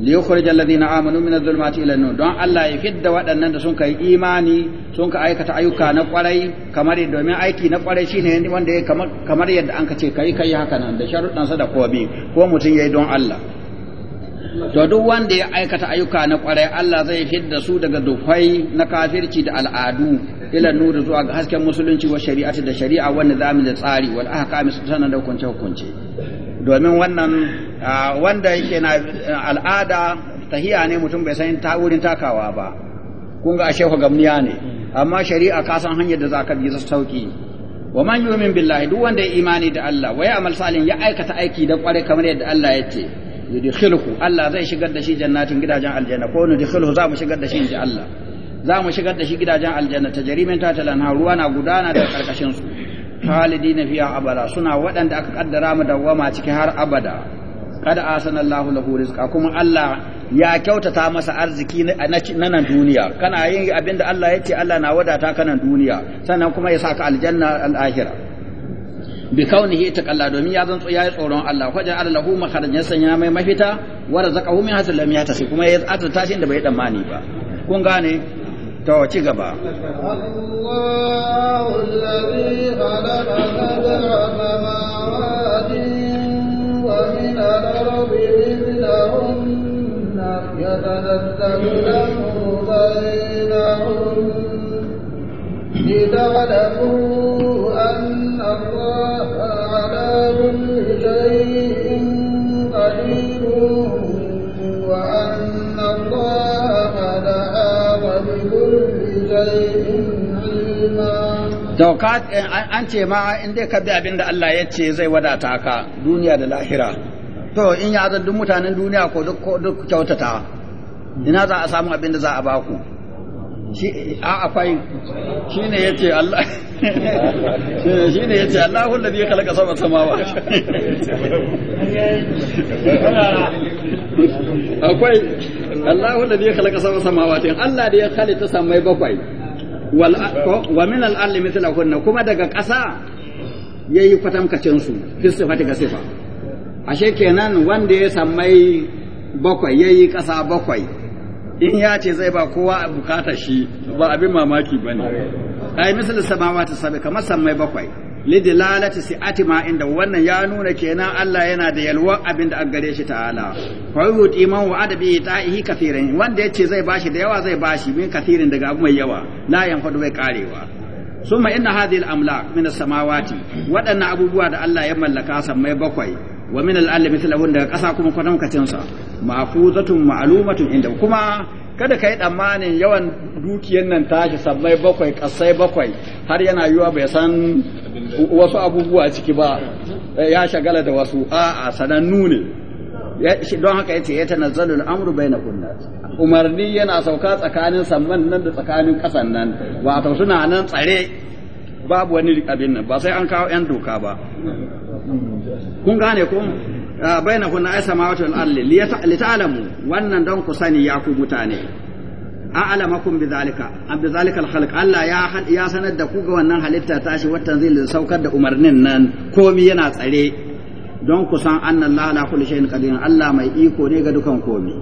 li yukhrijal ladina amanu min adh-dhulumati ila an-nur don Allah ya fidda waɗannan da sun kai imani sun ka aikata ayyuka na kwarai kamar domin aiki na kwarai shine wanda ya kamar yadda an ce kai kai haka nan da sharuɗansa da kobi ko mutum yayi don Allah to duk wanda ya aikata ayyuka na kwarai Allah zai fidda su daga dufai na kafirci da al'adu ila nuri zuwa ga hasken musulunci wa shari'ati da shari'a wanda zamu da tsari wal ahkami sanan da hukunce hukunce domin wannan wanda yake na al'ada tahiya ne mutum bai san ta wurin takawa ba kun ga ashe gamniya ne amma shari'a ka san hanyar da za ka bi sauki wa man yu'min billahi duk wanda ya imani da Allah wa ya amal salin ya aikata aiki da kwarai kamar yadda Allah ya ce yudkhiluhu Allah zai shigar da shi jannatin gidajen aljanna ko yudkhiluhu za mu shigar da shi inji Allah za mu shigar da shi gidajen aljanna tajrimin ta talanha ruwa na gudana da karkashin su khalidina fiha abada suna waɗanda aka kaddara mu dawwama ciki har abada kada asanallahu lahu rizqa kuma Allah ya kyautata masa arziki na nan duniya kana yin abinda Allah ya ce Allah na wadata ka duniya sannan kuma ya saka aljanna al-akhirah bi kaunihi taqalla domin ya zanto yayi tsoron Allah fa ja'ala lahu makharajan ya sanya mai mafita wa razaqahu min hasil lam yatasi kuma ya azurta shi inda bai tsammani ba kun gane to ci gaba Allahu alladhi khalaqa sab'a samawati wa min al-ardi mithluhunna yatanazzalu amru bainahum لتعلموا الله eh, an ce ma in dai ka bi abin da Allah ya ce zai wadata ka duniya da lahira to in ya duk mutanen duniya ko duk kyautata ina za a samu abin da za a baku shi a shi ne ya ce Allah shi ne ya ce Allah hulɗa biyu kalaka sama samawa akwai Allah hulɗa biyu kalaka sama samawa ce Allah da ya halitta samai bakwai wa min al'alli mithla kunna kuma daga ƙasa yayi kwatamkacin su fi sifati ga sifa ashe kenan wanda ya samai bakwai ya yi ƙasa bakwai in ya ce zai ba kowa a bukata shi ba abin mamaki ba ne yi misali samawa ta sabi kamar sammai bakwai lidi si si'ati ma inda wannan ya nuna kenan Allah yana da yalwa abin da an gare shi ta'ala fa iman wa adabi ta'ihi kafirin wanda yace zai bashi da yawa zai bashi min kafirin daga abu mai yawa la yanfadu bai karewa summa inna hadhihi al-amlak min as-samawati abubuwa da Allah ya mallaka sammai bakwai wa min al'alli mithlahu daga ƙasa kuma kwatankwacin sa mahfuzatun ma'lumatun inda kuma kada ka yi tsammanin yawan dukiyar nan tashi sammai bakwai ƙasai bakwai har yana yiwa bai san wasu abubuwa ciki ba eh, ya shagala da wasu a'a sanannu ne don haka yace ya tanazzalu al'amru na kunna umarni yana sauka tsakanin samman nan da tsakanin ƙasan nan wato suna nan tsare babu wani abin nan ba sai an kawo 'yan doka ba kun gane ku ah, baina hunna ay samawati wal ardi li ta'lamu wannan don ku sani ya ku mutane a a'lamakum bidhalika am bidhalika al khalq Allah ya ya sanar da ku ga wannan halitta tashi watan zai saukar da umarnin nan komi yana tsare don ku san anna Allah la kulli shay'in qadir Allah mai iko ne ga dukan komi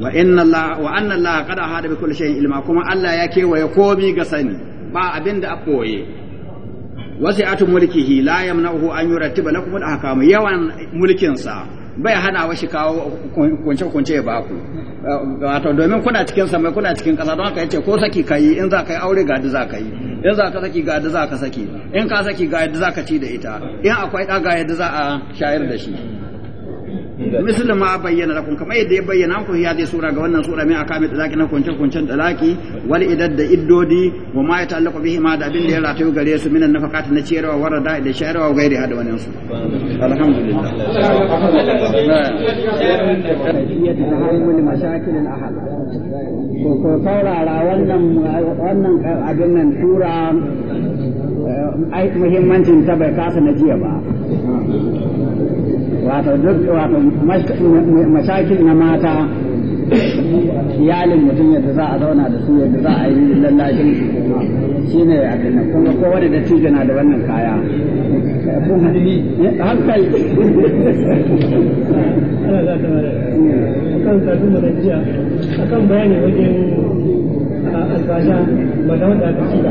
wa inna Allah wa anna Allah qad ahada bi kulli shay'in ilma kuma Allah ya kewaye komi ga sani ba abinda a koye wasi'atu mulkihi la yamna'uhu an yurattiba lakum al-ahkam yawan mulkin sa bai hana wa shi kawo kunce kunce ya baku wato domin kuna cikin samai kuna cikin kasa don haka yace ko saki kai in za ka yi aure ga da za ka yi in za ka saki ga da za ka saki in ka saki ga da za ka ci da ita in akwai da ga da za a shayar da shi misal ma bayyana lakum kamar yadda ya bayyana ku ya dai sura ga wannan sura mai mai talaki na kunce kuncen talaki wal idad da iddodi wa ma yata'allaqu bihi ma da abin da ya ratayu gare su minan nafaqat na ciyarwa warada da shayarwa gairi hada wannan su alhamdulillah ko saurara wannan wannan abin nan sura eh, muhimmancin ta bai kasa na jiya ba wato duk wato mashakil na mata iyalin mutum yadda za a zauna da su yadda za a yi lallashin shi ne a dinnan kuma kowane da cije na da wannan kaya eh, hankali kan sadu jiya a kan bayani wajen alfasha ba da wata ta shiga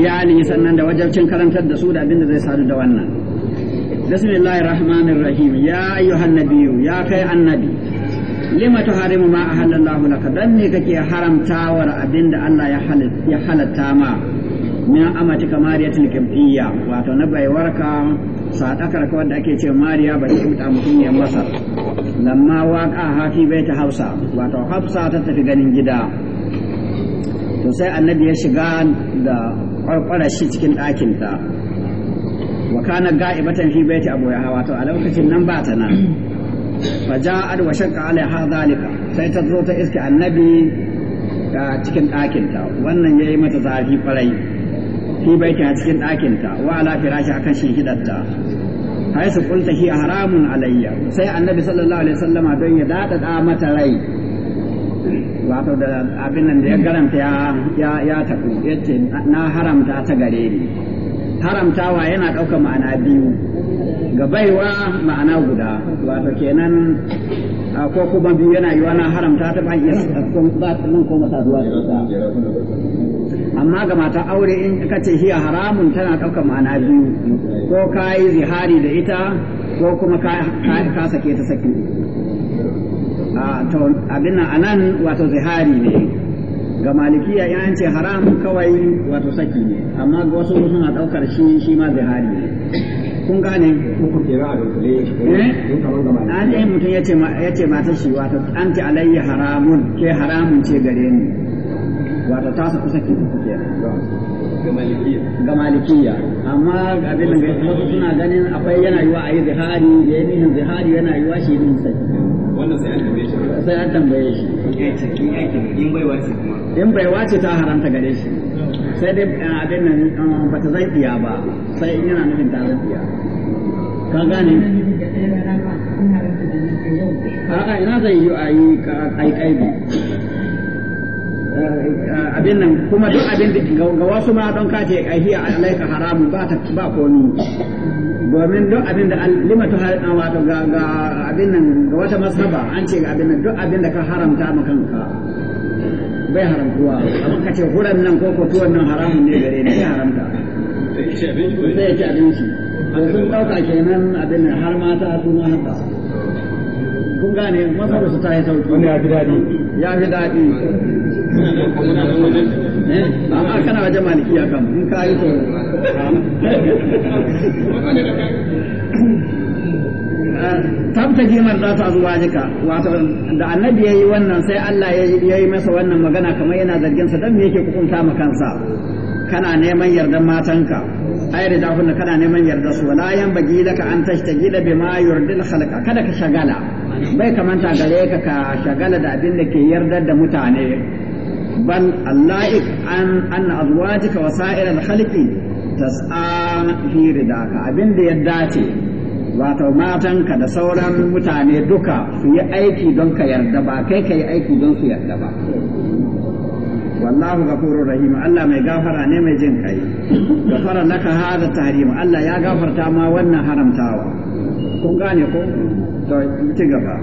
iyali sannan da wajabcin karantar da su da abin da zai sadu da wannan bismillahir rahmanir rahim ya ayyuhan nabiyyu ya kai annabi lima tuharimu ma ahallallahu laka dan ne kake haramtawar abin da Allah ya halatta ma min amati kamariyatul kibtiyya wato na baiwarka sadakar ka wanda ake ce mariya bai kuta mutum ya masar lamma waka hafi bai ta hausa wato hafsa ta tafi ganin gida to sai annabi ya shiga da kwarkwara shi cikin ɗakinta wa kana ga'ibatan fi baiti abu ya hawa to a lokacin nan ba ta nan fa ja'at wa shaqqa alaiha zalika sai ta zo ta iske annabi ga cikin ɗakinta wannan yayi mata zafi kwarai fi baiti a cikin ɗakinta wa ala firashi akan shinhidarta haisu qulta hi haramun alayya sai annabi sallallahu alaihi wasallama don ya dada mata rai wato da abin nan da ya garanta ya ya tafi yace na haramta ta gare ni haramtawa yana ɗauka ma'ana biyu ga baiwa ma'ana guda wato kenan ko kuma biyu yana yiwa na haramta ta ba iya nan ko sa zuwa da ita amma ga mata aure in ka ce hiya haramun tana ɗauka ma'ana biyu ko ka yi zihari da ita ko kuma ka sake ta saki a to abin nan anan wato zihari ne ga malikiya in ce haram kawai wato saki ne amma ga wasu suna daukar shi shi ma zihari ne kun gane eh? kun kira an dai mutum yace yace matar shi wato an ce alayya haramun ke haramun ce gare ni wato ta saku saki ku ke ga malikiya ga malikiya amma abin nan wasu suna ganin akwai yana yiwa a yi zihari yayin zihari yana yiwa shi yin saki wannan sai an tambaye shi sai an tambaye shi in bai wace kuma in baiwa ce ta haramta gare shi sai dai a eh, abin nan eh, ta zan iya ba sai in yana nufin ta zan iya ka gane a'a ina zai yi a yi kai kai abin nan kuma duk abin da ga wasu ma don kace ahiya alaika haramun ba ta ba komi domin duk abin da lima ta haram wato ga ga abin nan ga wata masaba an ce ga abin nan duk abin da ka haramta ma kanka bai haramtuwa amma kace huran nan ko ko tuwan nan haramun ne gare ni haramta sai ya ci abinci sai ya ci abinci sun dauka kenan abin nan har mata su ma haka kun gane masarar su ta yi sauki wani ya fi daɗi ya fi daɗi Tabta kana wajen ka yi ta zuwa jika wato da annabi yayi wannan sai Allah ya yi masa wannan magana kamar yana zargin sa dan me yake kukunta ma kansa kana neman yardan matanka ai da dafun kana neman yardar su wala yan bagi laka an tashtaji da bima yurdil khalqa kada ka shagala bai kamanta gare ka ka shagala da abin da ke yardar da mutane بل اللائق أن أن أزواجك وسائر الخلق تسعى في رداك أبن دي يداتي wato matanka da sauran mutane duka su yi aiki don ka yarda ba kai ka yi aiki don su yarda ba wallahu gafurur rahim Allah mai gafara ne mai jin kai gafara naka hada tahrim Allah ya gafarta ma wannan haramtawa kun gane to ci gaba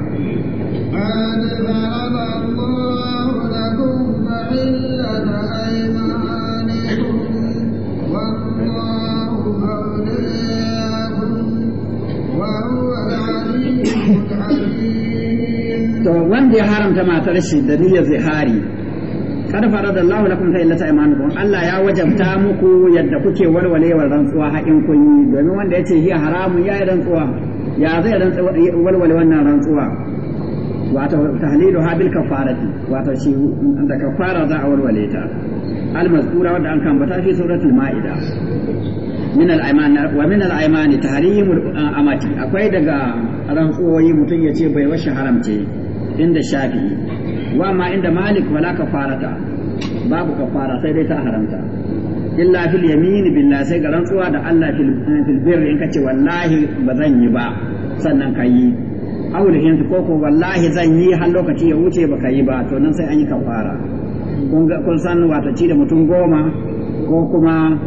to wanda ya haramta matar shi da niyyar zihari kada fara da Allah lakum ta illata imanukum Allah ya wajabta muku yadda kuke walwalewar rantsuwa in kun yi domin wanda ya hiya haramun ya yi rantsuwa ya zai walwale wannan rantsuwa wato tahliluha bil kafarati wato shi da kafara za a warware ta al mazkura wanda an kambata fi suratul maida min al ayman wa min al ayman tahrimul uh, amati akwai daga rantsuwoyi mutum ya ce bai washe haramce inda shafi wa ma inda malik wala kafarata babu kafara sai dai ta haramta illa fil yamin billahi sai ga rantsuwa da Allah fil uh, birri in kace wallahi ba zan yi ba sannan ka yi Abu su ko ko wallahi zan yi har lokaci ya wuce baka yi ba to nan sai an yi kafara kun ga kun san wata ci da mutum goma ko kuma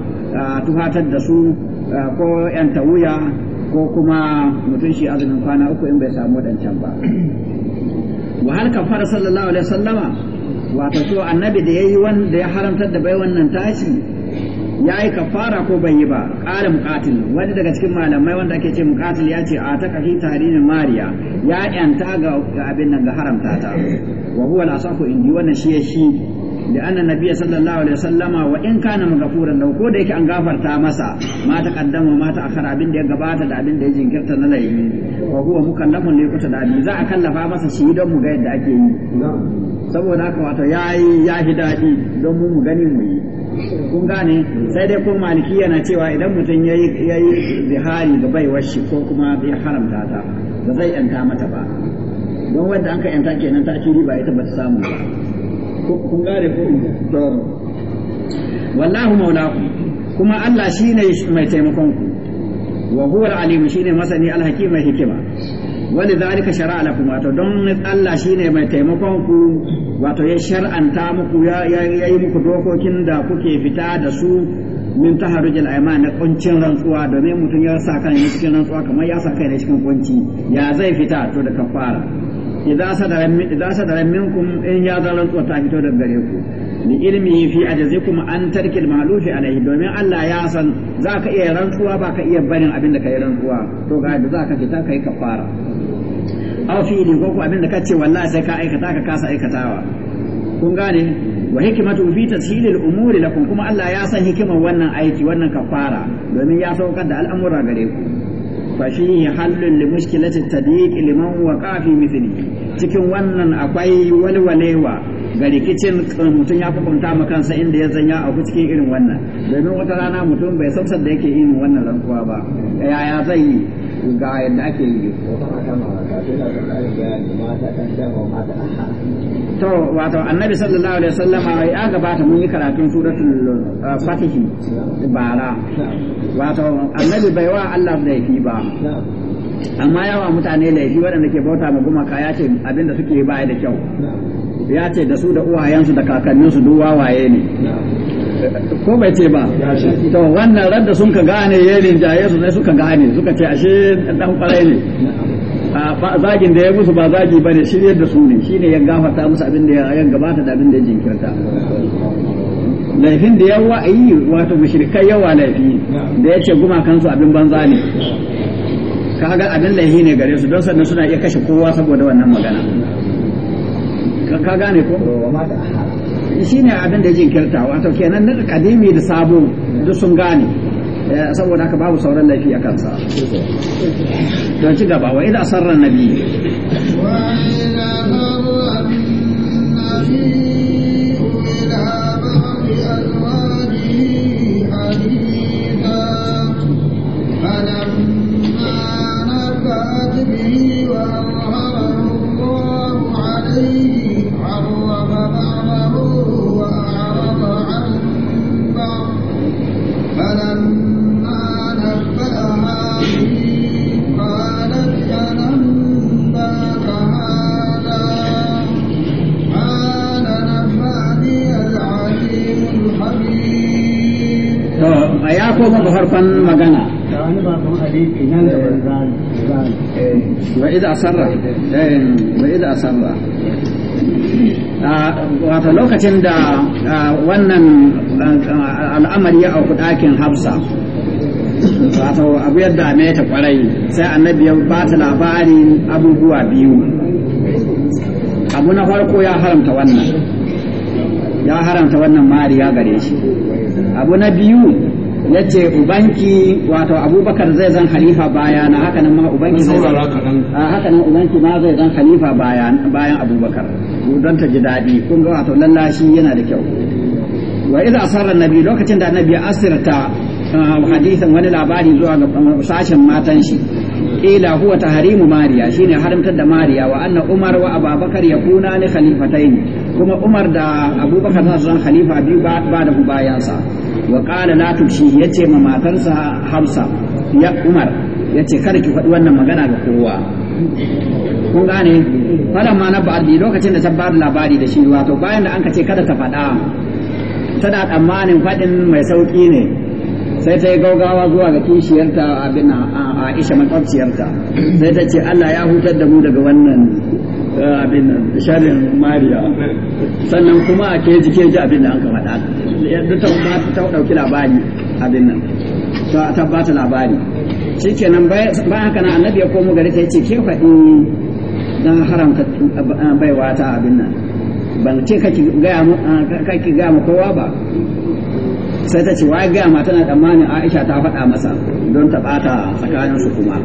tufatar da su ko yan tawuya ko kuma mutum shi azumin kwana uku in bai samu wadancan ba wa har kafara sallallahu alaihi wasallama wato to annabi da yayi wanda ya haramtar da bai wannan tashi ya yi kafara ko bai yi ba ƙara mukatil wani daga cikin malamai wanda ake ce muƙatil ya ce a taka fi tarihin mariya ya yanta ga abin nan ga haramta ta wa huwa al-asafu indi wannan shi ya shi da annan nabiya sallallahu alaihi sallama wa in kana magafuran lahu ko da yake an gafarta masa ma ta kaddama ma ta akhara abin da ya gabata da abin da ya jinkirta na laifi wa huwa mukallafun li kuta dadi za a kallafa masa shi don mu ga yadda ake yi saboda haka wato yayi yahi dadi don mu mu gani mu yi kun gane sai dai kun maliki yana cewa idan mutum yayi yayi zihari da baiwar shi ko kuma ya haramta ta ba zai yanta mata ba don wanda an ka yanta kenan ta ci riba ita ba ta samu ba kun gane wallahu kuma Allah shine mai taimakon ku wa huwa alim shine masani alhakima mai hikima wani zalika shara'a lakum wato don Allah shine mai taimakon ku wato ya shar'anta muku ya yi muku dokokin da kuke fita da su min taharujil aiman na kuncin rantsuwa domin mutum ya sa kan cikin rantsuwa kamar ya sa kai cikin kunci ya zai fita to da kafara idza sadara minkum in ya zalan ta fito daga gare ku ni ilmi fi ajazikum an tarkil ma'lufi alaihi domin Allah ya san za ka iya rantsuwa ba ka iya barin abin da ka yi rantsuwa to ga da za ka fita kai kafara aw fi ni ko abin da ka ce wallahi sai ka aikata ka kasa aikatawa kun gane wa hikmatu fi tashilil umuri lakum kuma Allah ya san hikimar wannan aiki wannan kafara domin ya saukar da al'amura gare ku ففيه حل لمشكلة التضييق لمن وقع في مثله cikin wannan akwai walwalewa ga rikicin mutum ya kunta ma kansa inda ya zanya a cikin irin wannan domin wata rana mutum bai san da yake irin wannan rantsuwa ba yaya zai yi ga yadda ake yi to wato annabi sallallahu alaihi wasallama ya gabata mun yi karatun suratul uh, fatihi bara wato annabi bai wa Allah laifi ba amma yawa mutane laifi waɗanda ke bauta ma gumaka ya ce abinda suke baya da kyau ya ce da su da uwayensu da kakanninsu duk wawaye ne ko bai ce ba to wannan radda sun ka gane yelin jaye su sai suka gane suka ce ashe dan kwarai ne ba zagin da ya musu ba zagi ba ne shiryar da su ne shine ya gafarta musu abin da ya gabata da abin da ya jinkirta laifin da yawa yi wato mushrikai yawa laifi da ya ce gumakansu abin banza ne kaga abin laifi ne gare su don sannan suna iya kashe kowa saboda wannan magana ka gane ko shi ne abin da jinkirta wato kenan na kadimi da sabo duk sun gane eh, saboda aka babu sauran laifi a kansa don ci gaba wa idan sarran wa idan sarran nabi kuma ga farkon magana wa idza asarra eh, wa asarra ah, lokacin da ah, wannan ah, al'amari ya auku ɗakin hafsa wata abu yadda dame ta kwarai sai annabi ya ba ta labarin abubuwa biyu abu na farko ya haramta wannan ya haramta wannan mariya gare shi abu na biyu ya ce ubanki wato abubakar zai zan halifa bayana haka nan ma ubanki zai zan haka nan ubanki ma zai zan halifa bayan bayan abubakar don ta ji daɗi kun ga wato lallashi yana da kyau wa idza asarra nabi lokacin da annabi asirta hadisan wani labari zuwa ga um, sashen matan shi ila huwa tahrimu mariya shine haramtar da mariya wa anna umar wa abubakar yakuna ni khalifatayn kuma umar da abubakar zai zan khalifa biyu ba da bayansa wa qala la tubshi yace ma matarsa Hamsa ya Umar yace kar ki faɗi wannan magana ga kowa kun gane fara ma na ba'adi lokacin da ta ba labari da shi wato bayan da an ka ce kada ta faɗa tana tsammanin faɗin mai sauƙi ne sai ta yi gaugawa zuwa ga kishiyarta abin a Aisha makwabciyarta sai ta ce Allah ya hutar da mu daga wannan Eh, abin nan sharin mariya sannan kuma a ke jike ji abin da an kama da yadda ta ɗauki labari abin nan ta tabbata labari shi kenan ba haka nan annabi ya komo gari ta ce ke faɗi don haramta eh, baiwa ta abin nan ban ce kaki eh, gaya ma kowa ba sai ta ce wa gaya ma tana tsammanin aisha ta faɗa masa don ta ɓata tsakaninsu kuma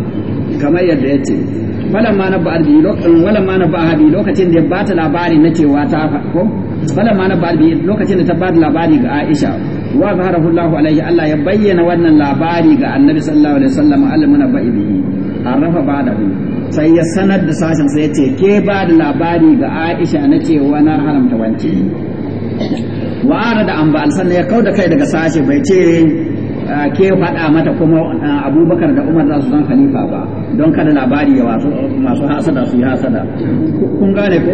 kamar yadda ya ce ma na ba albi lokacin ma na ba'a habi lokacin da ya bata labari na cewa ta ko ma na ba albi lokacin da ta bada labari ga Aisha wa zaharahu Allah alaihi Allah ya bayyana wannan labari ga Annabi sallallahu alaihi wasallam almuna ba'i ibi arafa ba ba'dahu sai ya sanar da sashen sai ya ce ke ba da labari ga Aisha na cewa na haramta wance wa arada an ba'al sannan ya kauda kai daga sashe bai ce ke faɗa mata kuma abubakar da umar za su zan khalifa ba don kada labari ya wasu masu hasada su yi hasada kun gane ku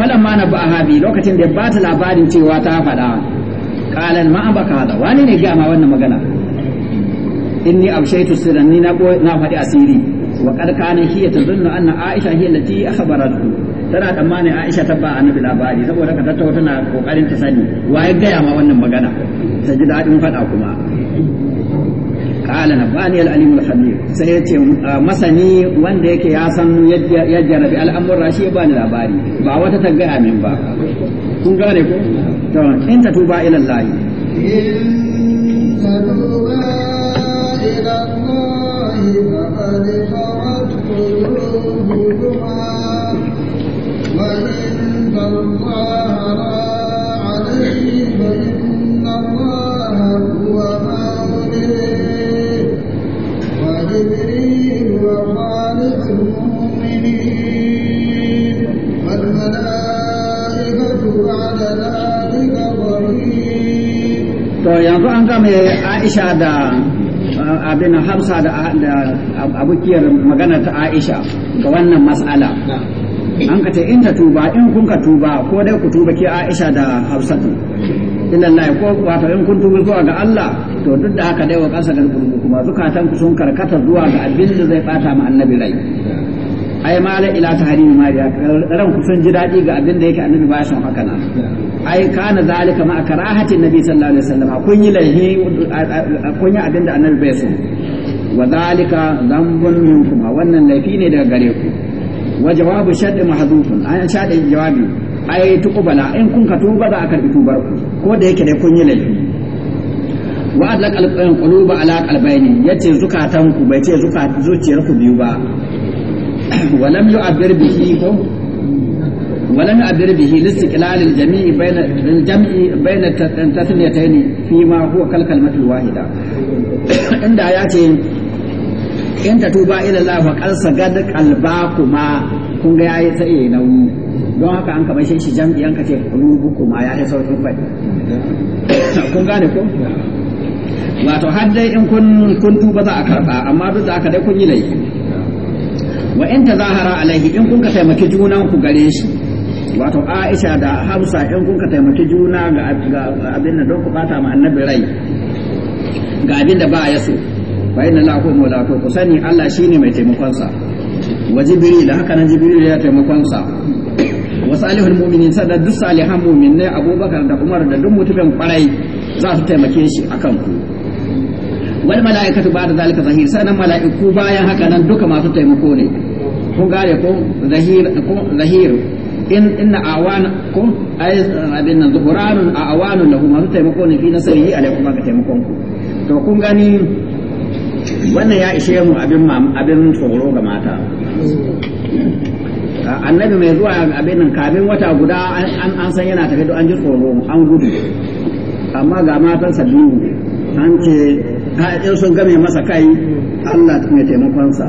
falan ma na ba lokacin da ba ta labarin cewa ta faɗa kalan ma baka hada wani ne gama wannan magana ni abshaitu sirran sirani na faɗi asiri wa qad kana hiya tazunnu anna aisha hiya lati akhbaratu tana tsammanin Aisha ta ba annabi labari saboda ka tattauna tana kokarin ta sani wa ya gaya ma wannan magana ta ji daɗin faɗa kuma قال نباني العليم الخبير سيأتي مسني وان ديك يا ياسن يجرب الأمر راشي باني لاباري باوة تقع من با كن قالك انت توبا إلى الله إن تتوبا إلى الله فقد فرت قلوبكما وإن تظاهرا عليه فإن الله to yanzu an kame aisha da uh, abin hamsa da uh, abukiyar magana ta aisha ga wannan mas'ala an ka ce in ta tuba in kun ka tuba ko dai ku tuba ke aisha da hafsatu ilallah ko wato in kun tuba zuwa ga Allah to duk da haka dai wa kasa ga kuma zukatan ku sun karkata zuwa ga abin da zai bata ma annabi rai ai mala ila tahrimi mariya ran ku sun ji dadi ga abin da yake annabi ba ya haka na ai kana zalika ma karahatin nabi sallallahu alaihi wasallam kun yi lahi kun yi abinda annabi bai so wa zalika dhanbun minkum wannan laifi ne daga gare ku wa jawabu shadd mahdhufun an shada jawabi ai tuqbala in kun ka tuba za a karbi tubar ku ko da yake dai kun yi laifi wa alqayn eh, quluba ala qalbayni yace zukatan ku bai ce zuciyar ku biyu ba wa lam yu'abbir bihi ko ولم يعبر به لاستقلال الجميع بين الجمع بين التثنيتين فيما هو كالكلمة الواحدة عند آياته in ta tuba ila Allah fa qad sagad qalbakuma kun ga yayi tsaye nauyi don haka an kama shi jam'i an kace rubu kuma ya yi saukin fadi kun gane ko wato har dai in kun kun tuba za a karba amma duk da haka dai kun yi laifi wa in tazahara alaihi in kun ka taimaki junan ku gare shi wato Aisha da Hafsa in kun ka taimaki juna ga abin da don ku bata ma annabi rai ga abin da ba ya so fa inna la hu ku sani Allah shine mai taimakon sa wa Jibril haka nan Jibril ya taimakon sa wa salihul mu'minin sada duk salihan mu'minai Abubakar da Umar da duk mutumin kwarai za su taimake shi akan ku wal mala'ikatu ba'da zalika zahir sanan mala'iku bayan haka nan duka masu taimako ne ko gane ko zahir in inna awan ko abin nan zuhuranun awanun lahu masu taimako ne fi nasarihi alaikum ka taimakon ku to kun gani wannan ya ishe mu abin abin tsoro ga mata annabi mai zuwa abin nan kamin wata guda an an san yana tafe an ji tsoro an gudu amma ga matan biyu an ce in sun game masa kai Allah mai taimakonsa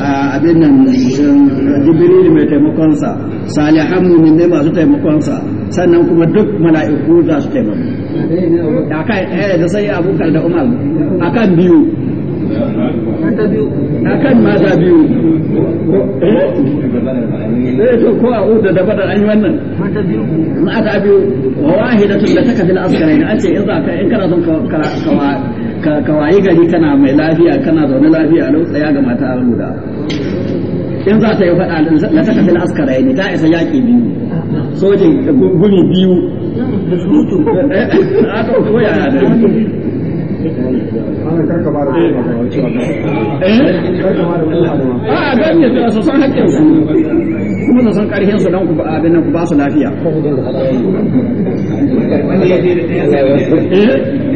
a abin nan um, jibril mai taimakonsa salihan mumin ne masu taimakonsa sannan kuma duk mala'iku za su taimako akan eh da sai abubakar da umar akan biyu akan mata biyu eh to ko a uda da fadar an yi wannan mata biyu wa wahidatun da taka fil askarain an ce in za ka in kana son ka ka wayi gari kana mai lafiya kana zaune lafiya lau tsaya ga mata guda in za ta yi faɗa na ta kafin askara ne ta isa yaƙi biyu sojin gumi biyu a ka da a ganye da su kuma san su ba su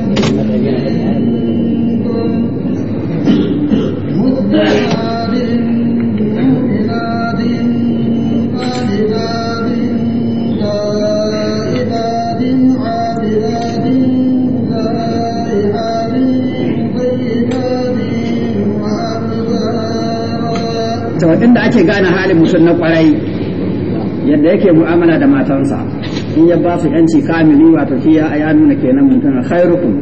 mutum na kwarai yadda yake mu'amala da matansa in ya ba su yanci kamili wato shi ya ya nuna kenan mutum khairukum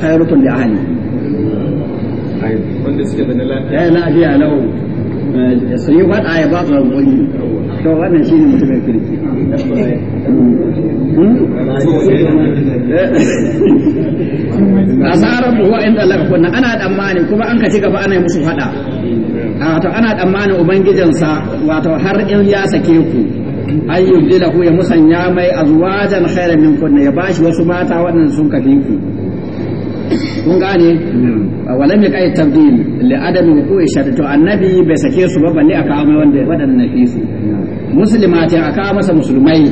khairukum li ahli wanda suke da lafiya eh, lafiya lau eh, su yi wata ya ba su wani to wannan shi ne mutum hmm? eh. ya kirki a asarar buwa inda laka kunna ana tsammani kuma an ka ci gaba ana yi musu faɗa wato ah, ana tsammani ubangijinsa wato har in ya sake ku an da ku ya musanya mai azwajan khairan min kunna ya bashi wasu mata waɗanda sun kafi ku kun gane hmm. ah, walam ya kai tabdil li adami ku ishar to annabi bai sake su ba balle aka mai wanda waɗanda fi su muslimati aka masa musulmai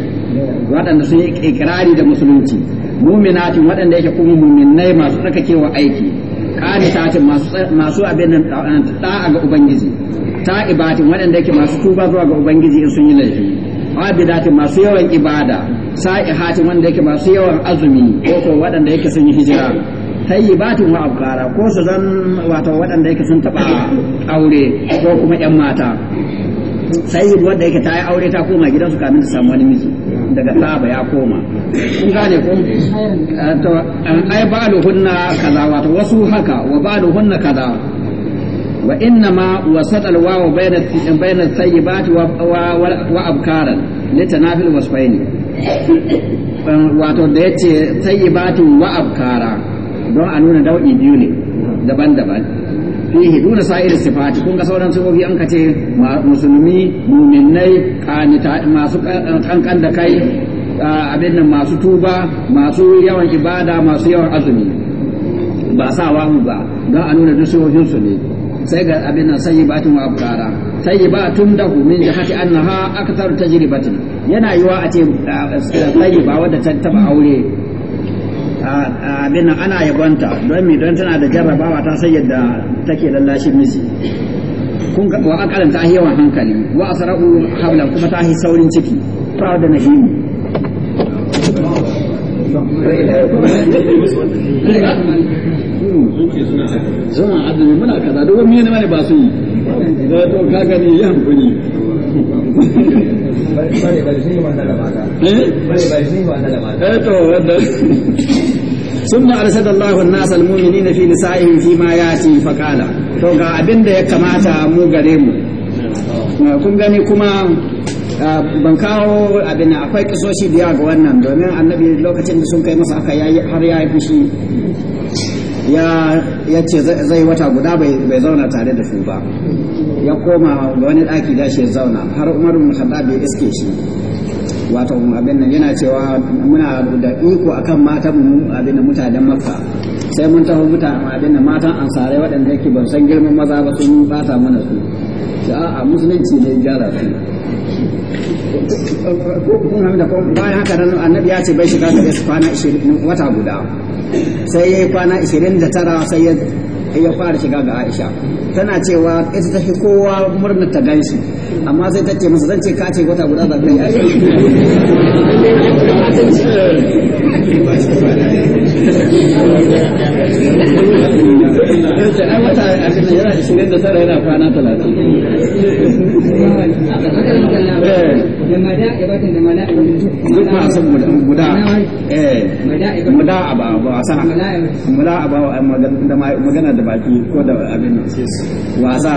waɗanda sun yi ikrari da musulunci mu'minati waɗanda yake kuma muminai masu tsakakewa aiki ce masu abin nan a ga ubangiji ibatin waɗanda yake masu tuba zuwa ga ubangiji in sun yi laifi abidatin masu yawan ibada hatin wanda yake masu yawan azumi ko ko waɗanda yake sun yi hijira Ta batin wa abkara ko su zan wato waɗanda yake sun taɓa aure ko kuma 'yan mata yi wanda yake ta yi aure ta koma gidansu kamin ta samu wani miji daga saba ya koma kun gane ku eh, to eh, ai ba da hunna kaza wato wasu haka wa ba da hunna kaza wa inna ma wasat al wawu bayna bayna sayyibati wa wa wa abkaran litanafil wasfaini eh, wato da yace sayyibatun wa abkara don a nuna dau'i biyu ne daban-daban fihi duna sa'ir sifati kun ga sauran sifofi an ce musulmi muminai kanita masu eh, kankan da kai abin nan masu tuba masu yawan ibada masu yawan azumi ba sa mu ba don a nuna duk su ne sai ga abin nan sai batun wa abkara sai tun da min jihati annaha akthar tajribatin yana yiwa a ce sai ba wanda ta taba aure abin nan ana yabonta don mi don tana da jarrabawa ta sai yadda take lallashi miji kun wa akalan ta yawan hankali wa asra'u hablan kuma ta hi saurin ciki proud da nahimi suna adalci muna kaza duk wani ne mai ba su yi da to kaga ne ya hankali Bari bari shi ba da ba eh Bari bari shi ba da ba eh to ثم أرشد الله الناس المؤمنين في نسائهم فيما يأتي فقال to ga abin da ya kamata mu gare mu kun gani kuma ban kawo abin akwai kisoshi da yawa ga wannan domin annabi lokacin da sun kai masa aka har ya yi fushi ya ce zai wata guda bai zauna tare da su ba ya koma wani ɗaki da shi ya zauna har umaru bin khattab ya iske shi wato abin nan yana cewa muna da iko akan matan mu abin nan mutanen makka sai mun taho mutanen abin nan matan ansare waɗanda yake ban san girman maza ba sun bata mana su a musulunci ne gyara su bayan haka nan annabi ya ce bai shiga da su kwana 20 wata guda sai yi kwana 29 sai ya fara shiga ga Aisha tana cewa ita ta kowa murnar ta shi amma sai ta ce masa zance ka ce wata guda ba da baki ko da wasa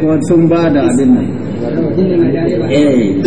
ko sun ba da abin